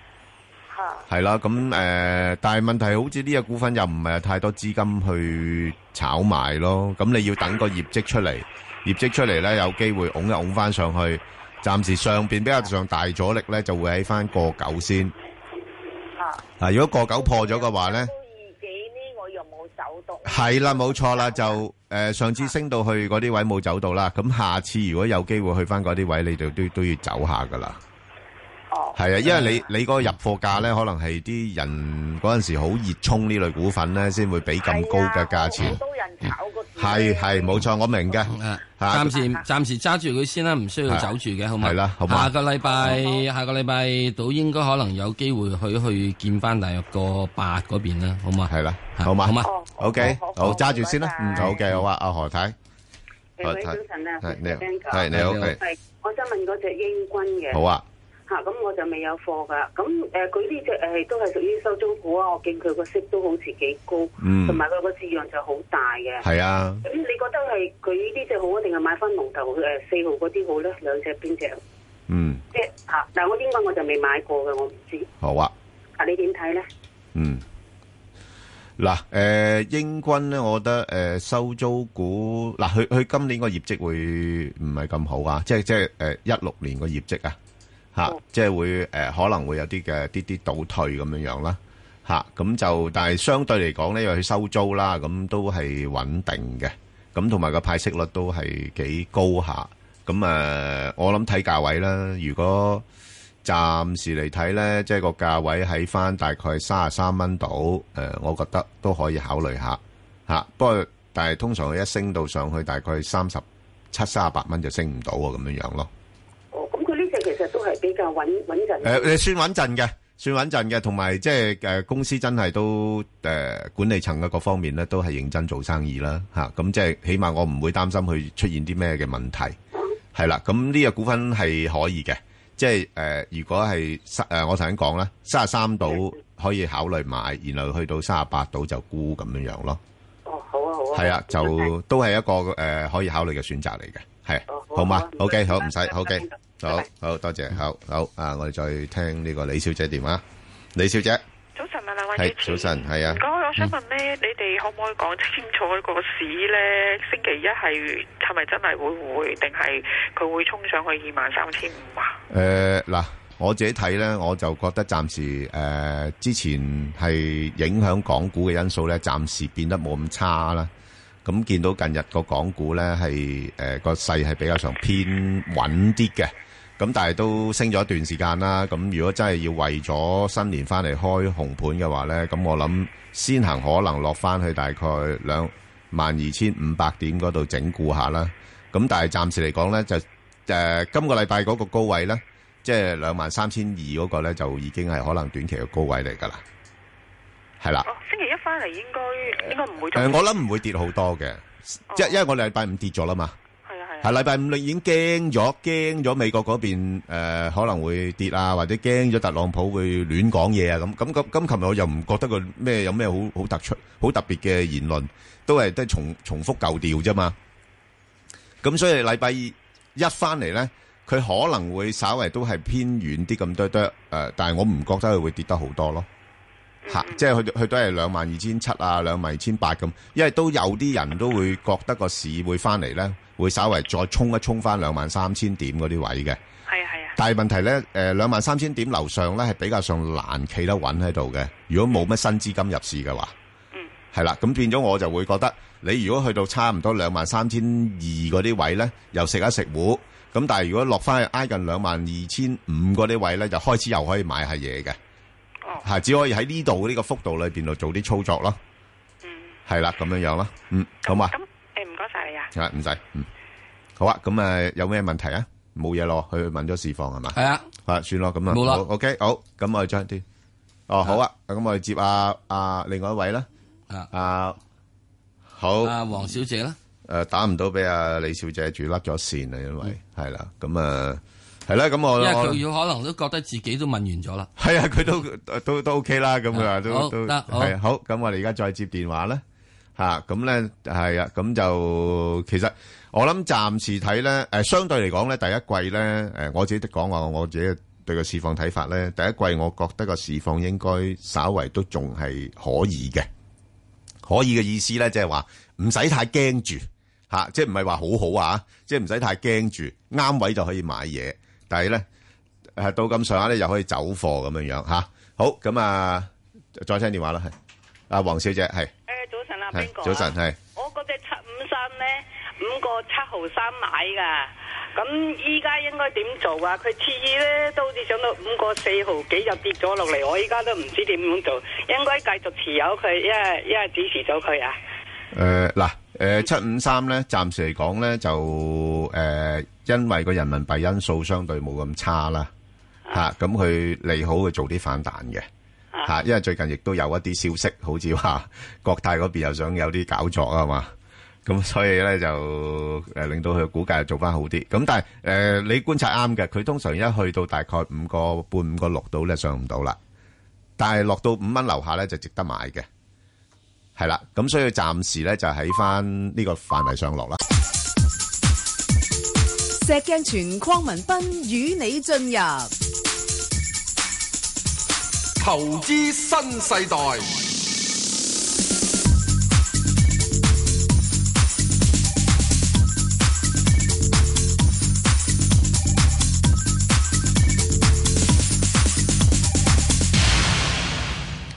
S3: 係、啊。係啦，咁誒、啊，但係問題好似呢個股份又唔係太多資金去炒賣咯。咁、啊、你要等個業績出嚟，業績出嚟呢，有機會拱一拱翻上去。暫時上邊比較上大阻力呢，就會起翻個九先。嗱，如果個九破咗嘅話咧，二幾
S1: 呢？我又冇走到。係
S3: 啦，冇錯啦，就誒、呃、上次升到去嗰啲位冇走到啦。咁下次如果有機會去翻嗰啲位，你就都都要走下㗎啦。哦，係啊的，的因為你你嗰個入貨價咧，嗯、可能係啲人嗰陣時好熱衷呢類股份咧，先會俾咁高嘅價錢。多人炒係係冇錯，我明嘅。暫時暫時揸住佢先啦，唔需要走住嘅，好嘛？係啦，好，下個
S2: 禮拜下個禮拜到應該可能有機會去去見翻大約個八
S3: 嗰邊啦，好嘛？係啦，好嘛？好嘛？O K，好揸住先啦。唔好嘅，好啊，阿何太。係早晨啊，係你好，我想問嗰隻英軍嘅。
S1: 好啊。吓咁、啊、我就未有貨噶。咁、啊、誒，佢呢隻誒，都係屬於收租股、嗯、啊。我見佢個息都好似幾高，同埋佢個字樣就好大嘅。係啊。咁你覺得係佢呢
S3: 隻
S1: 好，定係買翻龍頭誒四號嗰啲好咧？兩隻邊隻？嗯。即係吓，但係我應該我就未買
S3: 過嘅？我唔知。好啊。啊，你點睇咧？嗯。嗱，誒、呃，英軍咧，我覺得誒、呃、收租股嗱，佢佢今年個業績會唔係咁好啊？即係即係誒一六年個業績啊？吓、啊，即係會誒、呃，可能會有啲嘅啲啲倒退咁樣樣啦。吓、啊，咁就但係相對嚟講咧，又去收租啦，咁、啊、都係穩定嘅。咁同埋個派息率都係幾高下。咁、啊、誒、啊，我諗睇價位啦。如果暫時嚟睇咧，即係個價位喺翻大概三十三蚊到。誒，我覺得都可以考慮下。吓、啊，不過但係通常佢一升到上去大概三十七三十八蚊就升唔到啊，咁樣樣咯。哦，
S1: 咁佢呢隻其實都。就穩穩
S3: 陣誒，算穩陣嘅，算穩陣嘅，同埋即係誒公司真係都誒管理層嘅各方面咧，都係認真做生意啦吓，咁即係起碼我唔會擔心佢出現啲咩嘅問題係啦。咁呢個股份係可以嘅，即係誒如果係三誒我頭先講啦，三十三度可以考慮買，然後去到三十八度就沽咁樣樣咯。哦，好啊，好啊。係啊，就都係一個誒可以考慮嘅選擇嚟嘅，係好嘛？OK，好，唔使 OK。好好多謝，好好啊！我哋再聽呢個李小姐電話、啊。李小姐，早晨啊，兩位。係早晨，係啊。咁我想
S1: 問咧，你哋可唔可以講清楚個市咧？星期一係係咪真係會回，定係佢會衝上去
S3: 二萬三千五啊？誒，嗱，我自己睇咧，我就覺得暫時誒、呃，之前係影響港股嘅因素咧，暫時變得冇咁差啦。咁、啊、見到近日個港股咧，係誒、呃、個勢係比較上偏穩啲嘅。咁但係都升咗一段時間啦。咁如果真係要為咗新年翻嚟開紅盤嘅話呢，咁我諗先行可能落翻去大概兩萬二千五百點嗰度整固下啦。咁但係暫時嚟講呢，就誒、呃、今個禮拜嗰個高位呢，即係兩萬三千二嗰個呢，就已經係可能短期嘅高位嚟噶啦。係啦、哦，
S1: 星期一翻嚟應該、呃、應該唔會、呃、我諗
S3: 唔會跌好多嘅，即係、哦、因為我禮拜五跌咗啦嘛。係禮拜五，你已經驚咗驚咗美國嗰邊誒，可能會跌啊，或者驚咗特朗普會亂講嘢啊。咁咁咁咁，琴日我又唔覺得佢咩有咩好好突出好特別嘅言論，都係都係重重複舊調啫嘛。咁所以禮拜一翻嚟咧，佢可能會稍微都係偏遠啲咁多多誒，但係我唔覺得佢會跌得好多咯吓，即係佢佢都係兩萬二千七啊，兩萬二千八咁，因為都有啲人都會覺得個市會翻嚟咧。會稍為再沖一沖翻兩萬三千點嗰啲位嘅，係係，但係問題呢，誒兩萬三千點樓上呢係比較上難企得穩喺度嘅。如果冇乜新資金入市嘅話，嗯，係啦，咁變咗我就會覺得，你如果去到差唔多兩萬三千二嗰啲位呢，又食一食糊。咁但係如果落翻去挨近兩萬二千五嗰啲位呢，就開始又可以買下嘢嘅。哦，只可以喺呢度呢個幅度裏邊度做啲操作咯，嗯，係啦，咁樣樣咯，嗯，好嘛。嗯係啊，唔使，嗯，好啊，咁啊，有咩問題啊？冇嘢咯，去問咗事況係嘛？係啊，啊，算咯，咁啊，冇咯，OK，好，咁我哋將啲，哦，好啊，咁我哋接阿阿另外一位啦，啊，好，阿黃小姐啦，誒，打唔到俾阿李小姐，住甩咗線啊，因為係啦，咁啊，係啦，咁我，因為佢要
S2: 可能都覺得自己都問完咗啦，係啊，佢都
S3: 都都 OK 啦，咁佢話都都係啊，好，咁我哋而家再接電話咧。吓咁咧係啊，咁、啊、就其實我諗暫時睇咧，誒、啊、相對嚟講咧，第一季咧，誒、啊、我自己講話，我自己對個市況睇法咧，第一季我覺得個市況應該稍為都仲係可以嘅，可以嘅意思咧，即係話唔使太驚住吓，即係唔係話好好啊，即係唔使太驚住，啱位就可以買嘢，但係咧誒到咁上下咧又可以走貨咁樣樣吓、啊，好，咁啊再聽電話啦係。阿、啊、黃小姐係，
S1: 誒，早晨啊，斌哥，早晨係。我嗰隻七五三咧，五個七毫三買噶，咁依家應該點做啊？佢次次咧都好似上到五個四毫幾就跌咗落嚟，我依家都唔知點樣
S3: 做，應該繼續持有佢，一係一係減持咗佢啊？誒，嗱，誒，七五三咧，暫時嚟講咧就誒，因為個、啊呃呃呃呃、人民幣因素相對冇咁差啦，吓、啊啊，咁佢利好佢做啲反彈嘅。吓，因為最近亦都有一啲消息，好似話國泰嗰邊又想有啲搞作啊嘛，咁所以咧就誒，令到佢估計做翻好啲。咁但係誒、呃、你觀察啱嘅，佢通常一去到大概五個半、五個六度咧上唔到啦，但係落到五蚊樓下咧就值得買嘅，係啦。咁所以暫時咧就喺翻呢個範圍上落啦。
S1: 石鏡泉礦文斌與你進入。
S2: 投資新世代。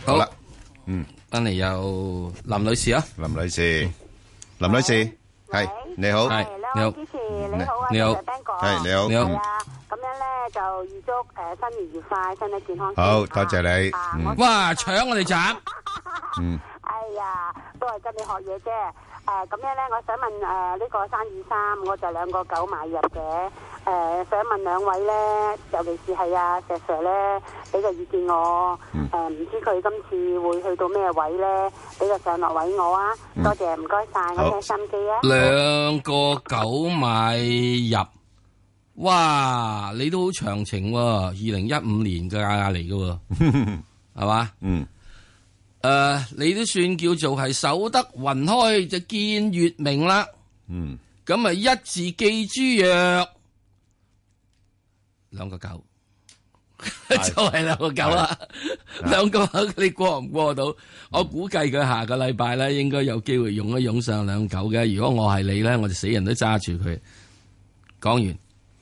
S3: 好啦，
S2: 嗯，等嚟有林女士啊，林女士，林女士，係
S3: 你好，係你好，你好，你好，係你好。你好。就預祝誒新年愉快，身體健康。好多謝你，哇搶我哋集。嗯，哎呀，都係跟你學嘢
S1: 啫。誒，咁樣咧，我想問誒呢個三二三，我就兩個九買入嘅。誒，想問兩位咧，尤其是係阿石 Sir 咧，俾個意見我。誒，唔知佢今次會去到咩位咧？俾個上落位我啊！多謝，唔該晒，我哋心機啊。
S2: 兩個九買入。哇！你都好長情喎，二零一五年嘅阿亞嚟嘅，係嘛 吧？嗯，誒，uh, 你都算叫做係守得雲開就見月明啦。嗯，咁啊，一字記之曰，兩個九，就係兩個九啦。兩是 個是 你過唔過到？是我估計佢下個禮拜咧，應該有機會用一用上兩九嘅。如果我係你咧，我就死人都揸住佢。講完。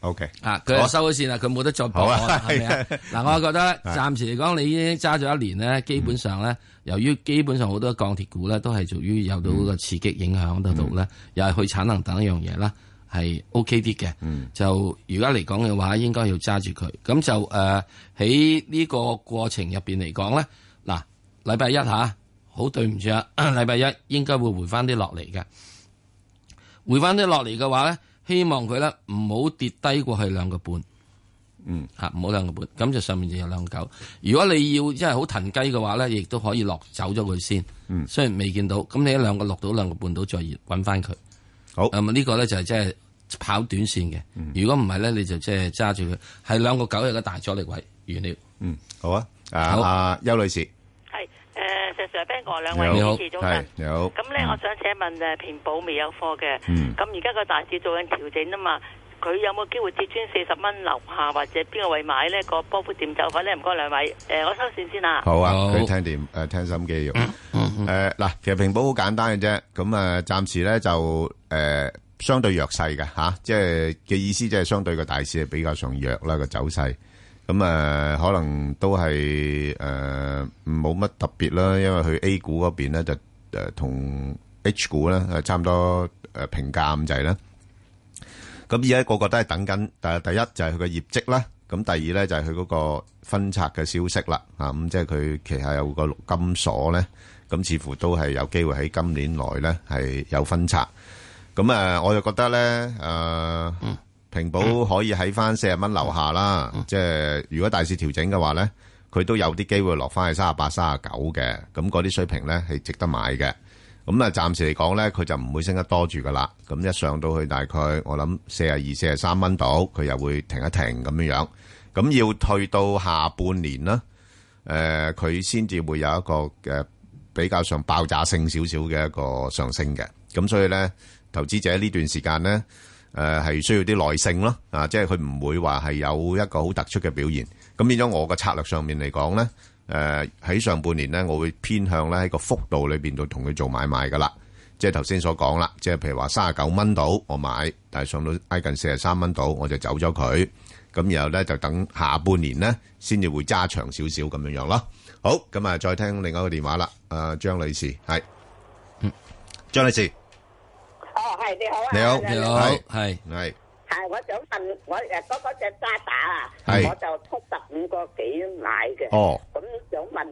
S2: O Okay . K，啊，佢收咗線啦，佢冇得再補啦，係咪啊？嗱，我係覺得暫時嚟講，你已經揸咗一年咧，基本上咧， 由於基本上好多鋼鐵股咧，都係屬於有到個刺激影響得到咧，又係 去產能等一樣嘢啦，係 O K 啲嘅。 就而家嚟講嘅話，應該要揸住佢。咁就誒，喺、呃、呢個過程入邊嚟講咧，嗱，禮拜一吓，好對唔住啊，禮拜、啊、一應該會回翻啲落嚟嘅，回翻啲落嚟嘅話咧。希望佢咧唔好跌低過去兩個半，嗯吓唔好兩個半，咁就上面就有兩個九。如果你要即係好騰雞嘅話咧，亦都可以落走咗佢先，嗯，雖然未見到，咁你一兩個落到兩個半到再搵翻佢，好。咁啊、這個、呢個咧就係即係跑短線嘅，如果唔係咧你就即係揸住佢，係、就是、兩個九
S3: 有個大阻力位完了。嗯，好啊，啊邱好、啊、女士。
S1: 誒、呃，石 Sir ango,、Ben 哥，兩位主持中間，咁咧、嗯、我想請問誒，平保未有貨嘅，咁而家個大市做緊調整啊嘛，佢有冇機會跌穿四十蚊樓下或者邊個位買呢？那個波幅點走法咧？唔該兩位，誒、呃，我收線先啦。好啊，佢好
S3: 聽點誒，聽心機嘅。誒、嗯，嗱、嗯嗯呃，其實平保好簡單嘅啫，咁、嗯、啊，暫時咧就誒、呃、相對弱勢嘅吓，即係嘅意思即係相對個大市係比較上弱啦個走勢。走勢咁誒可能都係誒冇乜特別啦，因為佢 A 股嗰邊咧就誒同 H 股咧係差唔多誒評價咁滯啦。咁而家個個都係等緊，但係第一就係佢個業績啦，咁第二咧就係佢嗰個分拆嘅消息啦。啊咁，即係佢旗下有個陸金所咧，咁似乎都係有機會喺今年內咧係有分拆。咁誒，我就覺得咧誒。平保可以喺翻四十蚊樓下啦，嗯、即係如果大市調整嘅話呢，佢都有啲機會落翻去三十八、三十九嘅，咁嗰啲水平呢係值得買嘅。咁啊，暫時嚟講呢，佢就唔會升得多住噶啦。咁一上到去大概我諗四十二、四十三蚊度，佢又會停一停咁樣樣。咁要退到下半年啦，誒、呃，佢先至會有一個嘅比較上爆炸性少少嘅一個上升嘅。咁所以呢，投資者呢段時間呢。誒，係、呃、需要啲耐性咯，啊，即係佢唔會話係有一個好突出嘅表現，咁變咗我嘅策略上面嚟講咧，誒、呃，喺上半年咧我會偏向咧喺個幅度裏邊度同佢做買賣噶啦，即係頭先所講啦，即係譬如話三十九蚊度我買，但係上到挨近四十三蚊度我就走咗佢，咁然後咧就等下半年咧先至會揸長少少咁樣樣咯。好，咁啊再聽另外一個電話啦，阿張女士係，嗯，張女士。
S1: 哦，係你好啊！你好，你好，係係係，
S3: 我想問
S1: 我誒，嗰嗰隻渣打啊，我就七十五個幾買嘅。哦，咁想問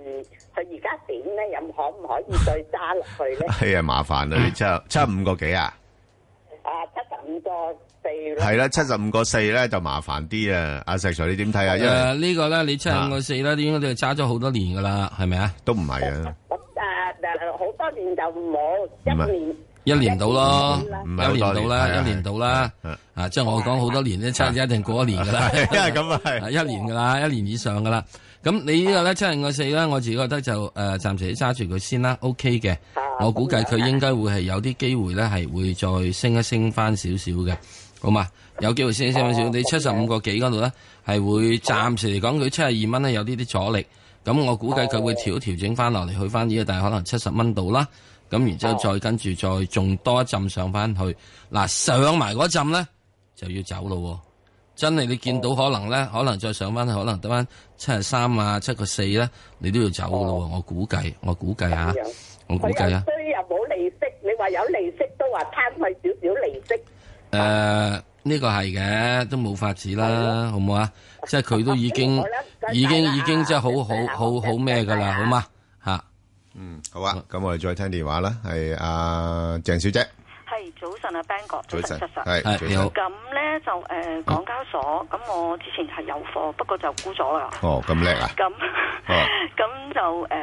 S1: 佢而家點咧？有可
S3: 唔可以再揸落去咧？係啊，麻煩啊！七七十五個幾啊？啊，七十五個四。係啦，七十五個四咧就麻煩啲啊！阿石 Sir，你點睇啊？誒，呢
S2: 個咧，你七十五個四咧，應該都係揸咗好多年噶啦，係咪啊？都唔係啊。誒誒，
S1: 好多年就冇一年。
S2: 一年到咯，一年到啦，年一年到啦，啊的，即係我講好多年咧，的七一定過一年噶啦，因為咁啊係， 一年噶啦， 一年以上噶啦。咁你個呢個咧七零個四咧，我自己覺得就誒、呃，暫時揸住佢先啦。OK 嘅，我估計佢應該會係有啲機會咧，係會再升一升翻少少嘅。好嘛，有機會升一升翻少少。你七十五個幾嗰度咧，係會暫時嚟講，佢七十二蚊咧有啲啲阻力。咁我估計佢會調調整翻落嚟去翻呢個，但係可能七十蚊度啦。咁然之後再跟住再仲多一浸上翻去，嗱上埋嗰浸咧就要走咯，真係你見到可能咧，可能再上翻去，可能等翻七十三啊，七個四咧，你都要走噶咯，我估計，我估計吓，我估計啊，所以
S1: 又冇利息，你話有利息都話攤去少
S2: 少利息。誒，呢個係嘅，都冇法子啦，好唔好啊？即係佢都已經，已經，已經即係好好好好咩
S3: 噶啦，好嗎？嗯，好啊，咁我哋再聽電話啦，係阿鄭小姐，
S1: 係早晨啊，Ben 哥，早晨，早晨，係你好。咁咧就誒，港交所，咁我之前係有貨，不過就沽咗啦。哦，咁叻啊！咁，咁就誒，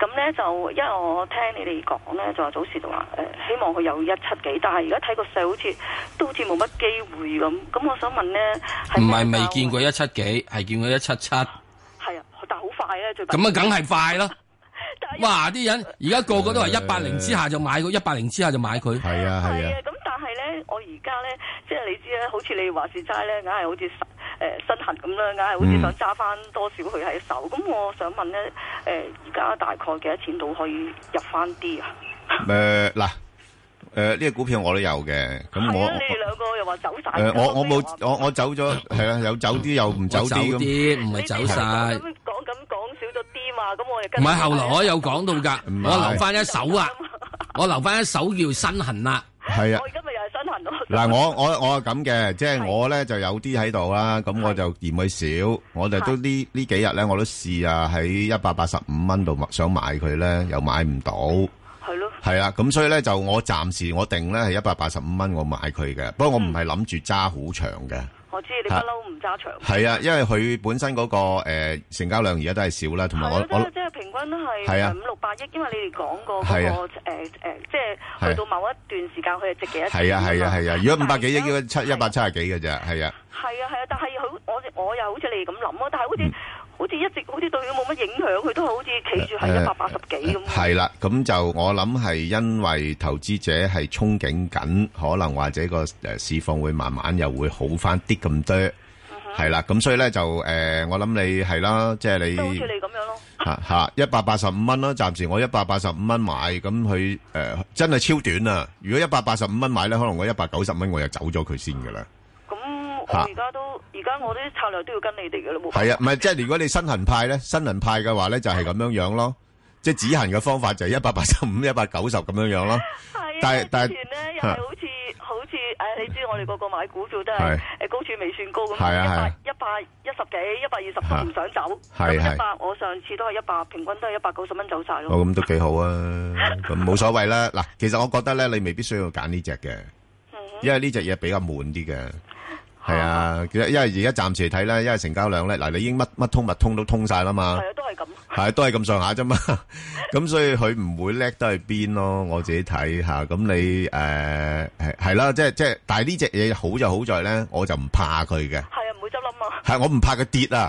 S1: 咁咧就，因為我聽你哋講咧，就話早時就話，誒，希望佢有一七幾，但係而家睇個勢，好似都好似冇乜機會咁。咁我想問咧，
S2: 係咪未見過一七幾，係見過一七七？
S1: 係啊，但係好快啊，最咁啊，梗係快咯。
S2: 哇！啲人而家個個都係一百零之下就買佢，一百零之下就買佢，係啊係啊。咁
S1: 但係咧，我而家咧，即係你知啦，好似你話事齋咧，硬係好似身誒、身痕咁啦，硬係好似想揸翻多少佢喺手。咁我想問咧，誒而家大概幾多錢度可以入翻啲啊？
S3: 誒嗱，誒呢個股票我都有嘅。咁我、啊，你哋兩個又話走晒，我我冇我我走咗係 啊，有走啲又唔走啲咁，唔係走晒。唔係，後來我有講到㗎，我留翻
S2: 一手啊，我留翻一手叫身痕啊，係啊，我而家又
S3: 係身痕嗱，我我我係咁嘅，即係我咧就有啲喺度啦，咁我就嫌佢少，我哋都呢呢幾日咧我都試啊喺一百八十五蚊度想買佢咧又買唔到，係咯，係啊。咁所以咧就我暫時我定咧係一百八十五蚊我買佢嘅，不過我唔係諗住揸好長嘅。我
S1: 知你不嬲唔揸場，係
S3: 啊，因為佢本身嗰個成交量而家都係少啦，同埋我我覺得即
S1: 係平均係係啊五六百億，因為你哋講過嗰個誒即係去到某一段時間佢係值幾多？係
S3: 啊係啊係啊！如果五百幾億叫七一百七十幾嘅啫，係啊，係啊
S1: 係啊！但係佢我我又好似你哋咁諗咯，但係好似。好似一直好似對佢冇乜影響，佢都好似企住係一
S3: 百八十幾咁。係啦，咁就我諗係因為投資者係憧憬緊，可能或者個誒市況會慢慢又會好翻啲咁多。係啦、嗯哼，咁所以咧就誒、呃，我諗你係啦，即係、就是、你好似你咁樣咯。吓吓一百八十五蚊啦，暫時我一百八十五蚊買，咁佢誒真係超短啊！如果一百八十五蚊買咧，可能我一百九十蚊我又走咗佢先噶啦。而家
S1: 都，而家我啲策略都要跟你哋
S3: 嘅咯，冇。係啊，唔係即係如果你新恒派咧，新恒派嘅話咧就係咁樣樣咯，即係止行嘅方法就係一百八十五、一百九十咁樣樣咯。係但係但係咧，又好似好似，
S1: 誒，你知我哋個個買股票都係誒高處未算高咁，係啊，係一百一十幾、一百二十，唔想走，係係一百，我上次都係一百，平均都係一百九十蚊走晒咯。
S3: 咁都幾好啊，咁冇所謂啦。嗱，其實我覺得咧，你未必需要揀呢隻嘅，因為呢隻嘢比較悶啲嘅。係啊，其實一係而家暫時睇咧，因為成交量咧，嗱你已經乜乜通物通都通晒啦嘛，係啊，都係咁，係啊、 嗯，都係咁上下啫嘛。咁所以佢唔會叻得去邊咯，我自己睇吓。咁、啊、你誒係啦，即係即係，但係呢隻嘢好就好在咧，我就唔怕佢嘅，係
S1: 啊，唔會執笠嘛。係我唔怕佢跌啊，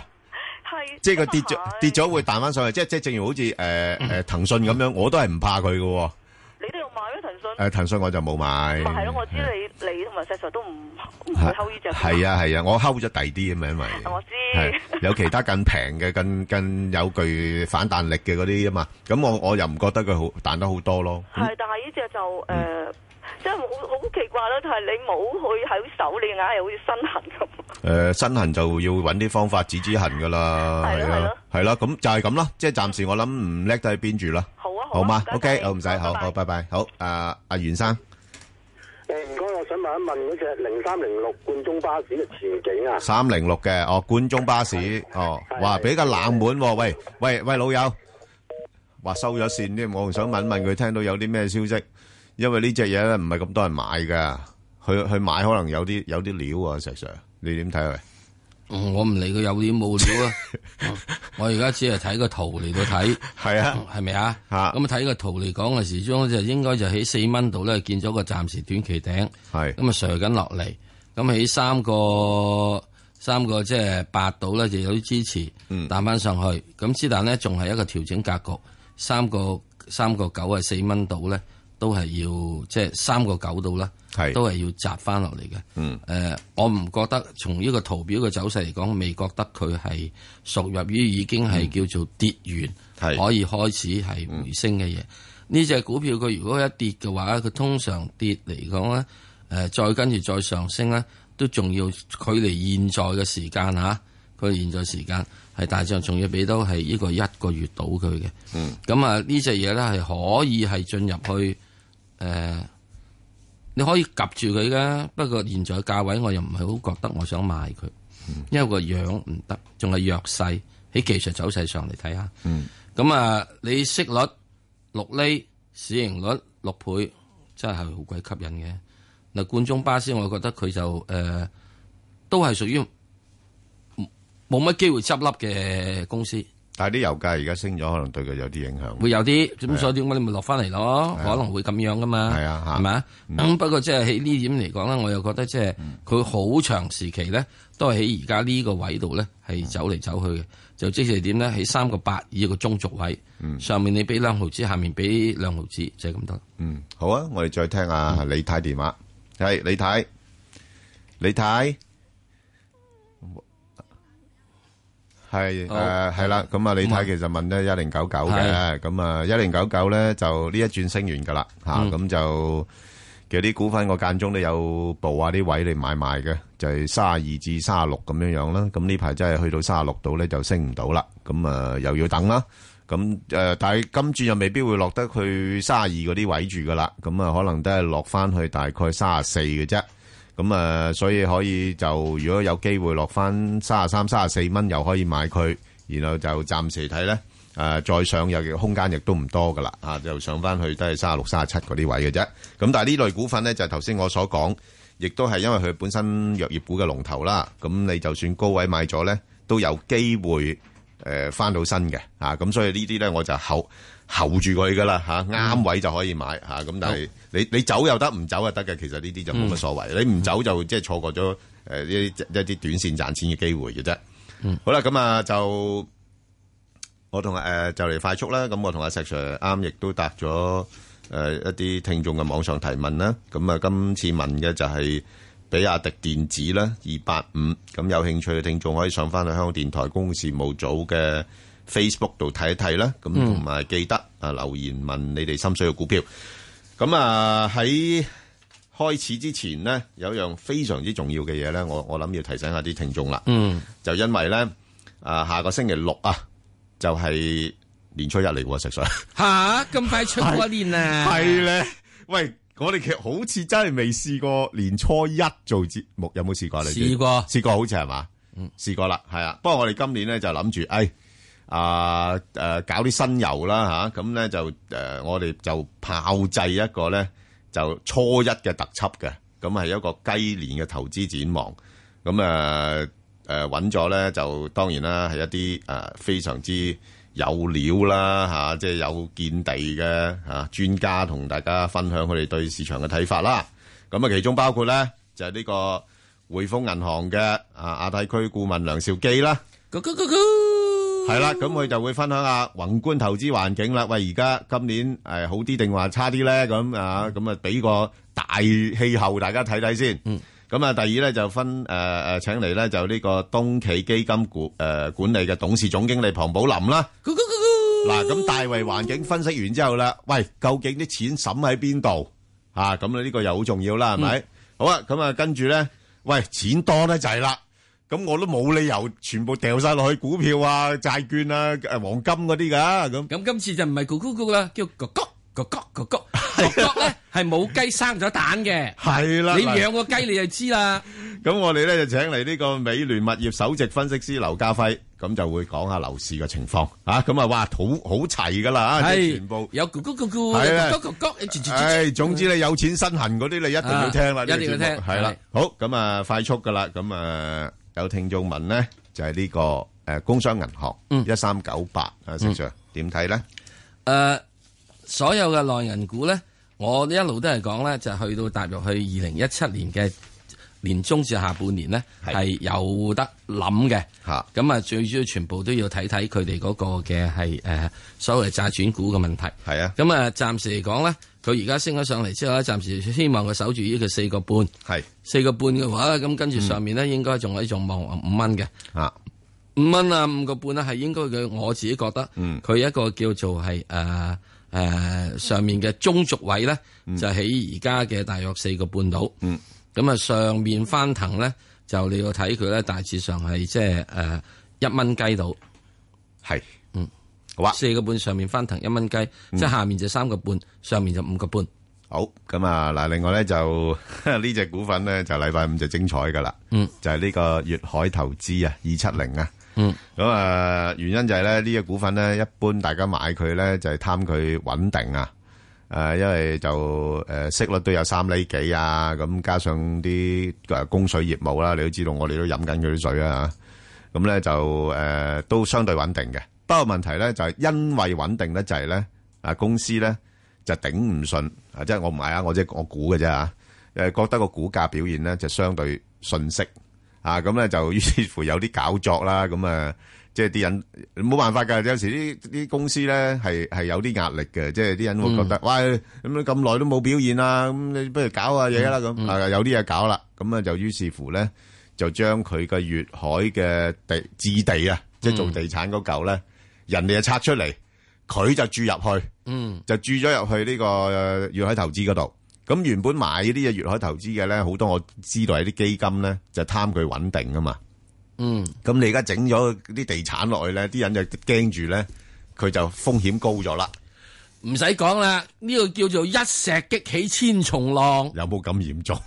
S1: 係，啊、即係佢跌咗跌咗會
S3: 彈翻上去，即係即係，正如好似誒誒騰訊咁樣，我都係唔怕佢嘅、啊。
S1: 誒，騰訊、呃、我就
S3: 冇買。係咯，我
S1: 知你你同埋細 Sir 都唔唔 hold 呢隻。係啊係啊，我 hold 咗第
S3: 二啲咁啊，因為我知、啊、有其他更平嘅 更更有具反彈力嘅嗰啲啊嘛。咁我我又唔覺得佢好彈得好多咯。係，
S1: 但係呢隻就誒。嗯嗯真係好好奇怪咯，但係你
S3: 冇去喺手，你硬係好似身痕咁。誒，身痕就要揾啲方法止止痕噶啦，係咯係咯，係咯。咁就係咁啦，即係暫時我諗唔叻都喺邊住啦。好啊好，好嘛。OK，好唔使，好好，拜拜。好，阿阿袁生。誒，我
S1: 我想
S3: 問一問嗰隻零三零六冠忠巴士嘅前景啊？三零六嘅，哦，冠忠巴士，哦，哇，比較冷門。喂喂喂，老友，話收咗線添，我仲想問一問佢，聽到有啲咩消息？因為呢隻嘢咧，唔係咁多人買噶，去去買可能有啲有啲料啊。石 Sir，你、嗯、點睇 啊？我唔理佢有料冇料啊，我而家只係睇個圖嚟到睇，係啊，係咪啊？吓
S2: 咁啊，睇個圖嚟講嘅，始終就應該就喺四蚊度咧，見咗個暫時短期頂，係咁啊，衰緊落嚟，咁喺三個三個即係八度咧，就有啲支持，嗯，彈翻上去，咁之但咧仲係一個調整格局，三個三個九係四蚊度咧。都係要即係三個九度啦，係都係要砸翻落嚟嘅。的嗯，誒、呃，我唔覺得從呢個圖表嘅走勢嚟講，未覺得佢係屬入於已經係叫做跌完，係的、嗯、可以開始係回升嘅嘢。呢的、嗯、隻股票佢如果一跌嘅話，佢通常跌嚟講咧，誒、呃、再跟住再上升咧，都仲要距離現在嘅時間嚇，佢現在時間係大致上，仲要俾到係呢個一個月到佢嘅。嗯，咁啊呢隻嘢咧係可以係進入去。誒、呃，你可以夾住佢噶不過現在嘅價位我又唔係好覺得我想賣佢，因為個樣唔得，仲係弱勢。喺技術走勢上嚟睇下，咁、嗯、啊，你息率六厘，市盈率六倍，真係好鬼吸引嘅。嗱，冠忠巴士，我覺得佢就誒、呃，都係屬於冇
S3: 乜機會執笠嘅公司。但係啲油價而家升咗，可能對佢有啲影響，
S2: 會有啲。咁、啊、所以點解你咪落翻嚟咯？啊、可能會咁樣噶嘛，係啊，係咪吧啊？咁、嗯啊、不過即係喺呢點嚟講咧，我又覺得即係佢好長時期咧，都係喺而家呢個位度咧係走嚟走去嘅。就即係點咧？喺三個八以個中軸位、嗯、上面，你俾兩毫子，
S3: 下面俾兩毫子，就係、是、咁多。嗯，好啊，我哋再聽，聽下李太電話，係李太，李太。李太係誒係啦，咁啊李太其實問咧的一零九九嘅，咁啊一零九九咧就呢一轉升完噶啦吓，咁、嗯、就其實有啲股份我間中都有報啊啲位嚟買賣嘅，就係三十二至三十六咁樣樣啦。咁呢排真係去到三十六度咧就升唔到啦，咁啊、呃、又要等啦。咁誒、呃，但係今轉又未必會落得去三十二嗰啲位住噶啦，咁啊可能都係落翻去大概三十四嘅啫。咁啊、嗯，所以可以就如果有機會落翻卅啊三、卅啊四蚊，又可以買佢。然後就暫時睇咧，誒、呃、再上又嘅空間亦都唔多噶啦啊，就上翻去都係卅啊六、卅啊七嗰啲位嘅啫。咁但係呢類股份咧，就頭、係、先我所講，亦都係因為佢本身藥業股嘅龍頭啦。咁、啊、你就算高位買咗咧，都有機會誒翻、呃、到身嘅啊。咁所以呢啲咧，我就後候住佢噶啦嚇，啱位就可以買嚇。咁但係你你走又得，唔走又得嘅。其實呢啲就冇乜所謂。嗯、你唔走就即係錯過咗誒一啲一啲短線賺錢嘅機會嘅啫。嗯、好啦，咁啊就我同阿、呃、就嚟快速啦。咁我同阿石 Sir 啱亦都答咗誒、呃、一啲聽眾嘅網上提問啦。咁啊今次問嘅就係比亞迪電子啦，二八五。咁有興趣嘅聽眾可以上翻去香港電台公共事務組嘅。Facebook 度睇一睇啦，咁同埋記得啊留言，問你哋心水嘅股票。咁啊喺開始之前呢，有一樣非常之重要嘅嘢咧，我我諗要提醒下啲聽眾啦。嗯，就因為咧啊、呃，下個星期六啊，就係、是、年初一嚟嘅喎，食水吓咁、啊、快出過年啊，係咧。 喂，我哋其實好似真係未試過年初一做節目，有冇試過啊？你試過試過，試過試過好似係嘛？嗯，試過啦，係啊。不過我哋今年咧就諗住，誒、哎。啊誒、啊，搞啲新游啦，吓，咁咧就誒，我哋就炮製一個咧，就初一嘅特輯嘅，咁、啊、係一個雞年嘅投資展望。咁啊誒，搵咗咧就當然啦，係一啲誒非常之有料啦吓、啊啊，即係有見地嘅吓專家同大家分享佢哋對市場嘅睇法啦。咁啊，啊，其中包括咧就係、是、呢個匯豐銀行嘅啊亞太區顧問梁兆基啦。啊咕咕咕咕咕係啦，咁佢就會分享下宏觀投資環境啦。喂，而家今年誒好啲定話差啲咧？咁啊，咁啊俾個大氣候大家睇睇先。嗯，咁啊第二咧就分誒誒、呃、請嚟咧就呢個東企基金管誒、呃、管理嘅董事總經理龐寶林啦。嗱、呃，咁、呃呃、大圍環境分析完之後啦，喂，究竟啲錢審喺邊度？啊，咁啊呢個又好重要啦，係咪、嗯？好啊，咁啊跟住咧，喂，錢多就滯啦。咁我都冇理由全部掉晒落去股票啊、債券啊、誒黃金嗰啲噶咁。咁今次就唔係咕咕咕啦，叫咕咕咕咕咕咕咧，係冇雞生咗蛋嘅。係啦，你養個雞你就知啦。咁我哋咧就請嚟呢個美聯物業首席分析師劉家輝，咁就會講下樓市嘅情況啊。咁啊，哇，好好齊噶啦，全部有咕咕咕咕咕咕，誒，總之你有錢身痕嗰啲，你一定要聽啦，一定要聽。係啦，好咁啊，快速噶啦，咁啊。有聽眾問咧，就係、是、呢、這個誒、呃、工商銀行 98,、嗯，一三九八啊 Sir, s i 點睇咧？誒，
S2: 所有嘅內銀股咧，我一路都係講咧，就係、去到踏入去二零一七年嘅。年中至下半年呢，係有是得諗嘅。嚇，咁啊，最主要全部都要睇睇佢哋嗰個嘅係誒所謂債轉股嘅問題。係啊，咁啊，暫時嚟講呢，佢而家升咗上嚟之後咧，暫時希望佢守住呢個四個半。係是四個半嘅話咁、嗯、跟住上面呢，應該仲可以仲望五蚊嘅。嚇、嗯、五蚊啊，五個半啊，係應該佢我自己覺得，佢一個叫做係誒誒上面嘅中軸位呢，嗯、就喺而家嘅大約四個半度。嗯。嗯。咁啊，上面翻騰咧，就你要睇佢咧，大致上係即係誒一蚊雞度，係是，嗯，好啊的，四個半上面翻騰一蚊雞，嗯、即係下
S3: 面就三個半，上面就五個半。好，咁啊，嗱，另外咧就呢隻 股份咧就禮拜五就精彩噶啦，嗯，就係呢個粵海投資啊，二七零啊，嗯，咁啊、呃、原因就係咧呢隻股份咧一般大家買佢咧就係、是、貪佢穩定啊。誒，因為就誒息率都有三厘幾啊，咁加上啲誒供水業務啦，你都知道我哋都飲緊佢啲水啊，咁咧就誒都相對穩定嘅。不過問題咧就係因為穩定咧就係咧，啊公司咧就頂唔順，即係我唔買啊，我即係我估嘅啫吓。誒覺得個股價表現咧就相對遜色啊，咁咧就於是乎有啲搞作啦，咁啊。即係啲人冇辦法㗎，有時啲啲公司咧係係有啲壓力嘅，即係啲人會覺得，喂咁咁耐都冇表現啦，咁你不如搞下嘢啦咁，啊有啲嘢搞啦，咁啊就於是乎咧就將佢嘅粵海嘅地置地啊，即係做地產嗰嚿咧，人哋就拆出嚟，佢就注入去，就注咗入去呢個粵海投資嗰度。咁原本買呢啲粵海投資嘅咧，好多我知道係啲基金咧，就貪佢穩定啊嘛。嗯，咁你而家整咗啲地產落去咧，啲人就驚住咧，佢就風險高咗啦。唔使講啦，呢個叫做一石激起千重浪，有冇咁嚴重？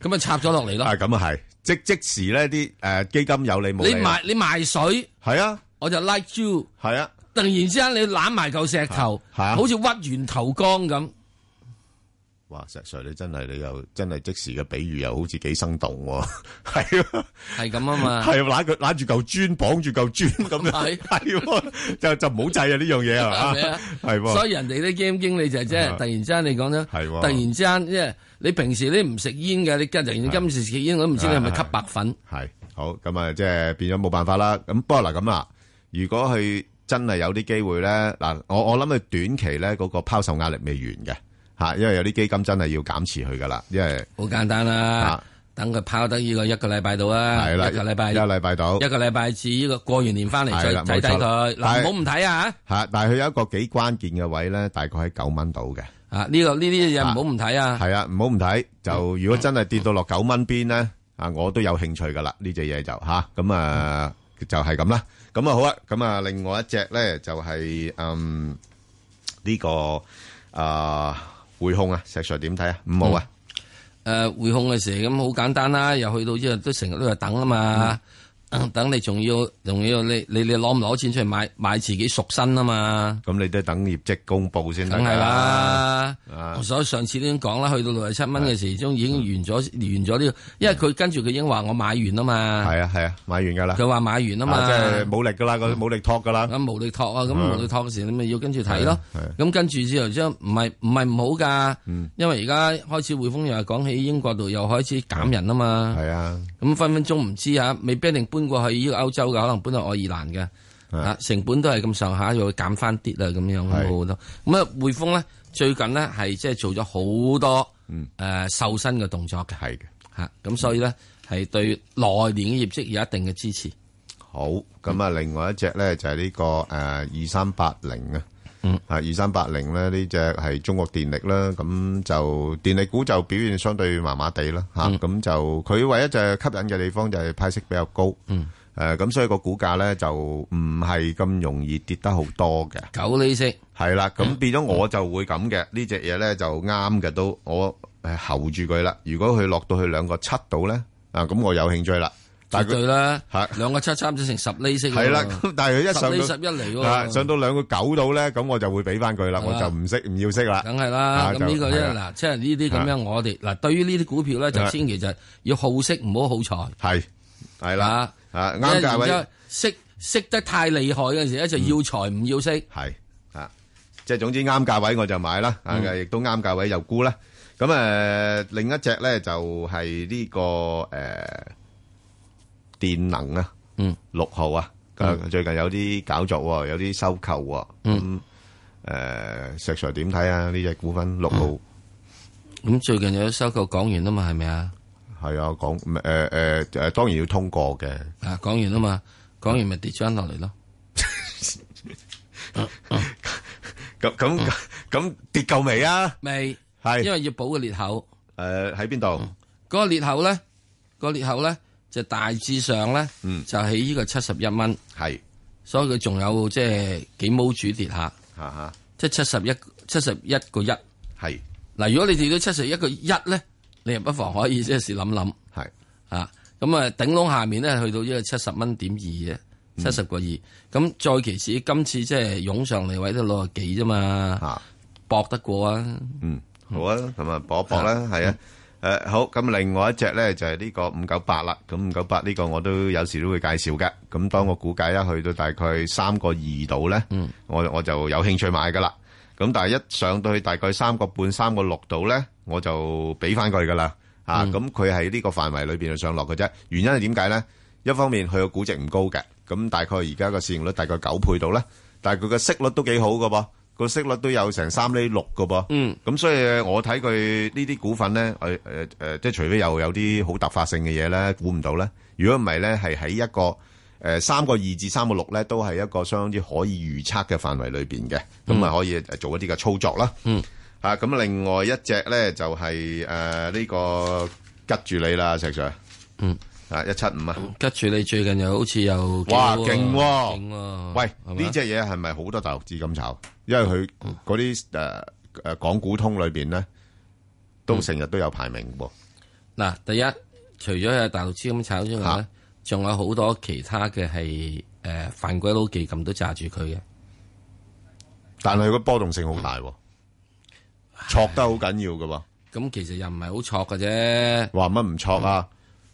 S3: 咁 啊插咗落嚟咯。 啊，咁啊係，即即時咧啲誒基金有你冇？你賣你賣水係啊，
S2: 我就 like you 係啊，突然之間你攬埋
S3: 嚿石頭，係啊，啊好似
S2: 屈原投江咁。
S3: 石 Sir 你真係你又真係即時嘅比喻，又好似幾生動，係咯，係咁啊嘛，係攬佢攬住嚿磚，綁住嚿磚咁，係係，就就唔好制啊呢樣嘢啊，係，所以人
S2: 哋啲基金經理就係即係突然之間你講咗，突然之間即係你平時你唔食煙嘅，你今時食煙，我唔知你係咪吸
S3: 白粉。係好咁啊，即係變咗冇辦法啦。咁不過嗱咁啊，如果佢真係有啲機會咧，嗱我我諗佢短期咧嗰個拋售壓力未完嘅。吓，因為有啲基金真係要減持佢噶啦，因為好簡單
S2: 啦，等佢拋得呢個一個禮拜度啊，一個禮拜一個禮拜度，一個禮拜至呢個
S3: 過完年翻嚟，再睇睇佢，嗱唔好唔睇啊吓！吓，但係佢有一個幾關鍵嘅位咧，大概喺九蚊度嘅。啊，呢個呢啲嘢，唔好唔睇啊，係啊，唔好唔睇，就如果真係跌到落九蚊邊咧，啊，我都有興趣噶啦，呢隻嘢，就吓，咁啊就係咁啦，咁啊好啊，咁啊另外一隻咧就係嗯呢個啊。匯控啊，石 Sir 點睇啊？唔好啊？誒、嗯，匯、呃、控嘅
S2: 時咁好、嗯、簡單啦，又去到之後都成日都係等啊嘛。嗯等你仲要仲要你你你攞唔攞錢出嚟買買自己贖身啊嘛？咁你都等業績公布先。梗係啦。所以上次都已經講啦，去到六十七蚊嘅時候，已經已經完咗完咗呢，因為佢跟住佢已經話我買完啦嘛。係啊係啊，買完噶啦。佢話買完啊嘛，即係冇力噶啦，佢冇力托噶啦。咁冇力托啊，咁冇力托嘅時，你咪要跟住睇咯。咁跟住之後，即係唔係唔係唔好噶，因為而家開始匯豐又係講起英國度又開始減人啊嘛。係啊，咁分分鐘唔知啊，未必定。搬過去呢個歐洲嘅，可能搬到愛爾蘭嘅，嚇的成本都係咁上下，又會減翻啲啦，咁的樣好好多。咁啊、嗯，匯豐咧最近咧係即係做咗好多誒瘦身嘅動作嘅，係嘅。
S3: 咁所以咧係對內年嘅業績有一定嘅支持。好，咁啊，另外一隻咧就係、是、呢、這個誒二三八零啊。呃嗯，啊二三八零咧呢隻係中國電力啦，咁就電力股就表現相對麻麻地啦吓，咁就佢唯一就吸引嘅地方就係派息比較高，嗯，誒咁所以個股價咧就唔係咁容易跌得好多嘅九厘息係啦，咁變咗我就會咁嘅呢隻嘢咧就啱嘅都我誒睺住佢啦。如果佢落到去兩個七度咧啊，咁我有興趣啦。對啦，
S2: 係兩個七差唔多成十厘息，係啦。但係佢一上到十一厘嗰個上
S3: 到兩個九度咧，咁我就會俾翻佢啦，我就唔識唔要息啦。梗係啦，咁呢個即係嗱，即
S2: 係呢啲咁樣，我哋嗱對於呢啲股票咧，就先其實要好識唔好好財，係係啦，吓啱價位
S3: 識識得太厲害嗰陣時咧，就要財唔要息係啊。即係總之啱價位我就買啦，啊亦都啱價位又沽啦。咁誒，另一隻咧就係呢個誒。電能啊，六號啊，最近有啲搞作，有啲收購，咁誒，石材點睇啊？呢隻股份六號，咁最近有啲收購講完啦嘛，係咪啊？係啊，講誒誒誒，當然要通過嘅。
S2: 啊，講完啦嘛，講完咪跌翻落嚟咯。咁咁咁跌夠未啊？未，係因為要補個裂口。誒，喺邊度？嗰個裂口咧，個裂口咧。就大致上咧，就喺呢個七十一蚊，係是，所以佢仲有即係幾毛主跌下，嚇嚇、啊，即係七十一七十一個一，係。嗱，如果你跌到七十一個一咧，你又不妨可以即係試諗諗，係是，啊，咁啊，頂籠下面咧去到呢個七十蚊點二嘅，七十個二，咁、嗯、再其次，今次即、就、係、是、湧上嚟位都六啊幾啫嘛，嚇，
S3: 搏得過啊，嗯，好啊，咁啊，搏一搏啦，係啊。誒，好，咁另外一隻咧就係呢個五九八啦，咁五九八呢個我都有時都會介紹嘅，咁當我估計，一去到大概三個二度咧，我我就有興趣買噶啦，咁但係一上到去大概三個半，三個六度咧，我就俾翻佢噶啦，啊，咁佢喺呢個範圍裏邊就上落嘅啫，原因係點解咧？一方面佢個估值唔高嘅，咁大概而家個市盈率大概九倍度咧，但係佢嘅息率都幾好噶噃。個息率都有成三厘六嘅噃，咁所以我睇佢呢啲股份咧，誒誒誒，即、呃、係除非又有啲好突發性嘅嘢咧，估唔到咧。如果唔係咧，係喺一個誒三個二至三個六咧，呃、3. 3. 都係一個相當之可以預測嘅範圍裏邊嘅，咁啊、嗯、可以做一啲嘅操作啦。嗯，啊，咁另外一隻咧就係誒呢個吉住你啦，石 Sir。嗯，啊一七五啊。吉住、啊、你最近又好似又、啊，哇勁喎！啊、喂，呢隻嘢係咪好多大陸資金炒？因為佢嗰啲誒誒港股通裏邊咧，都成日都有排名嘅嗱，啊嗯，
S2: 第一除咗，啊，有大陸資金咁炒之外咧，仲有好多其他嘅係誒犯規佬技咁都炸住佢嘅。但係佢個波動性好大，啊，挫得好緊要嘅喎。咁唉其實又唔係好挫嘅啫。話乜唔挫啊？啊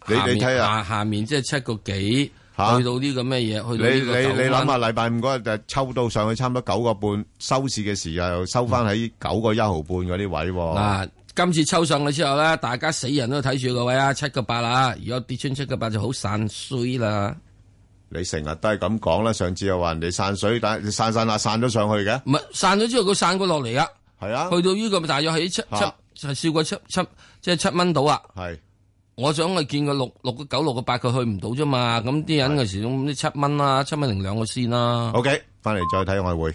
S2: 嗯，你哋睇下，下下面即係，啊，七個幾。啊、去到啲個咩嘢？你你你諗下禮
S3: 拜五嗰日抽到上去差，差唔多九個半收市嘅時候收翻喺九個一毫半嗰啲位。嗱、嗯，
S2: 今次抽上去之後咧，大家死人都睇住個位啊，七個八啦，如果跌穿七個八就好散水啦。你成日都係咁
S3: 講啦，上次又話人哋散水，但散散下散咗上去嘅。唔係
S2: 散咗之後佢散過落嚟啊。係啊，去到呢個咪大約喺七七就少過七七，即係七蚊到啊。係。我想係見個六、六個九、六個八，佢去唔到啫嘛。咁啲人嘅時鐘啲七蚊啦，七蚊零兩個先啦、啊。OK，
S3: 翻嚟再睇外匯。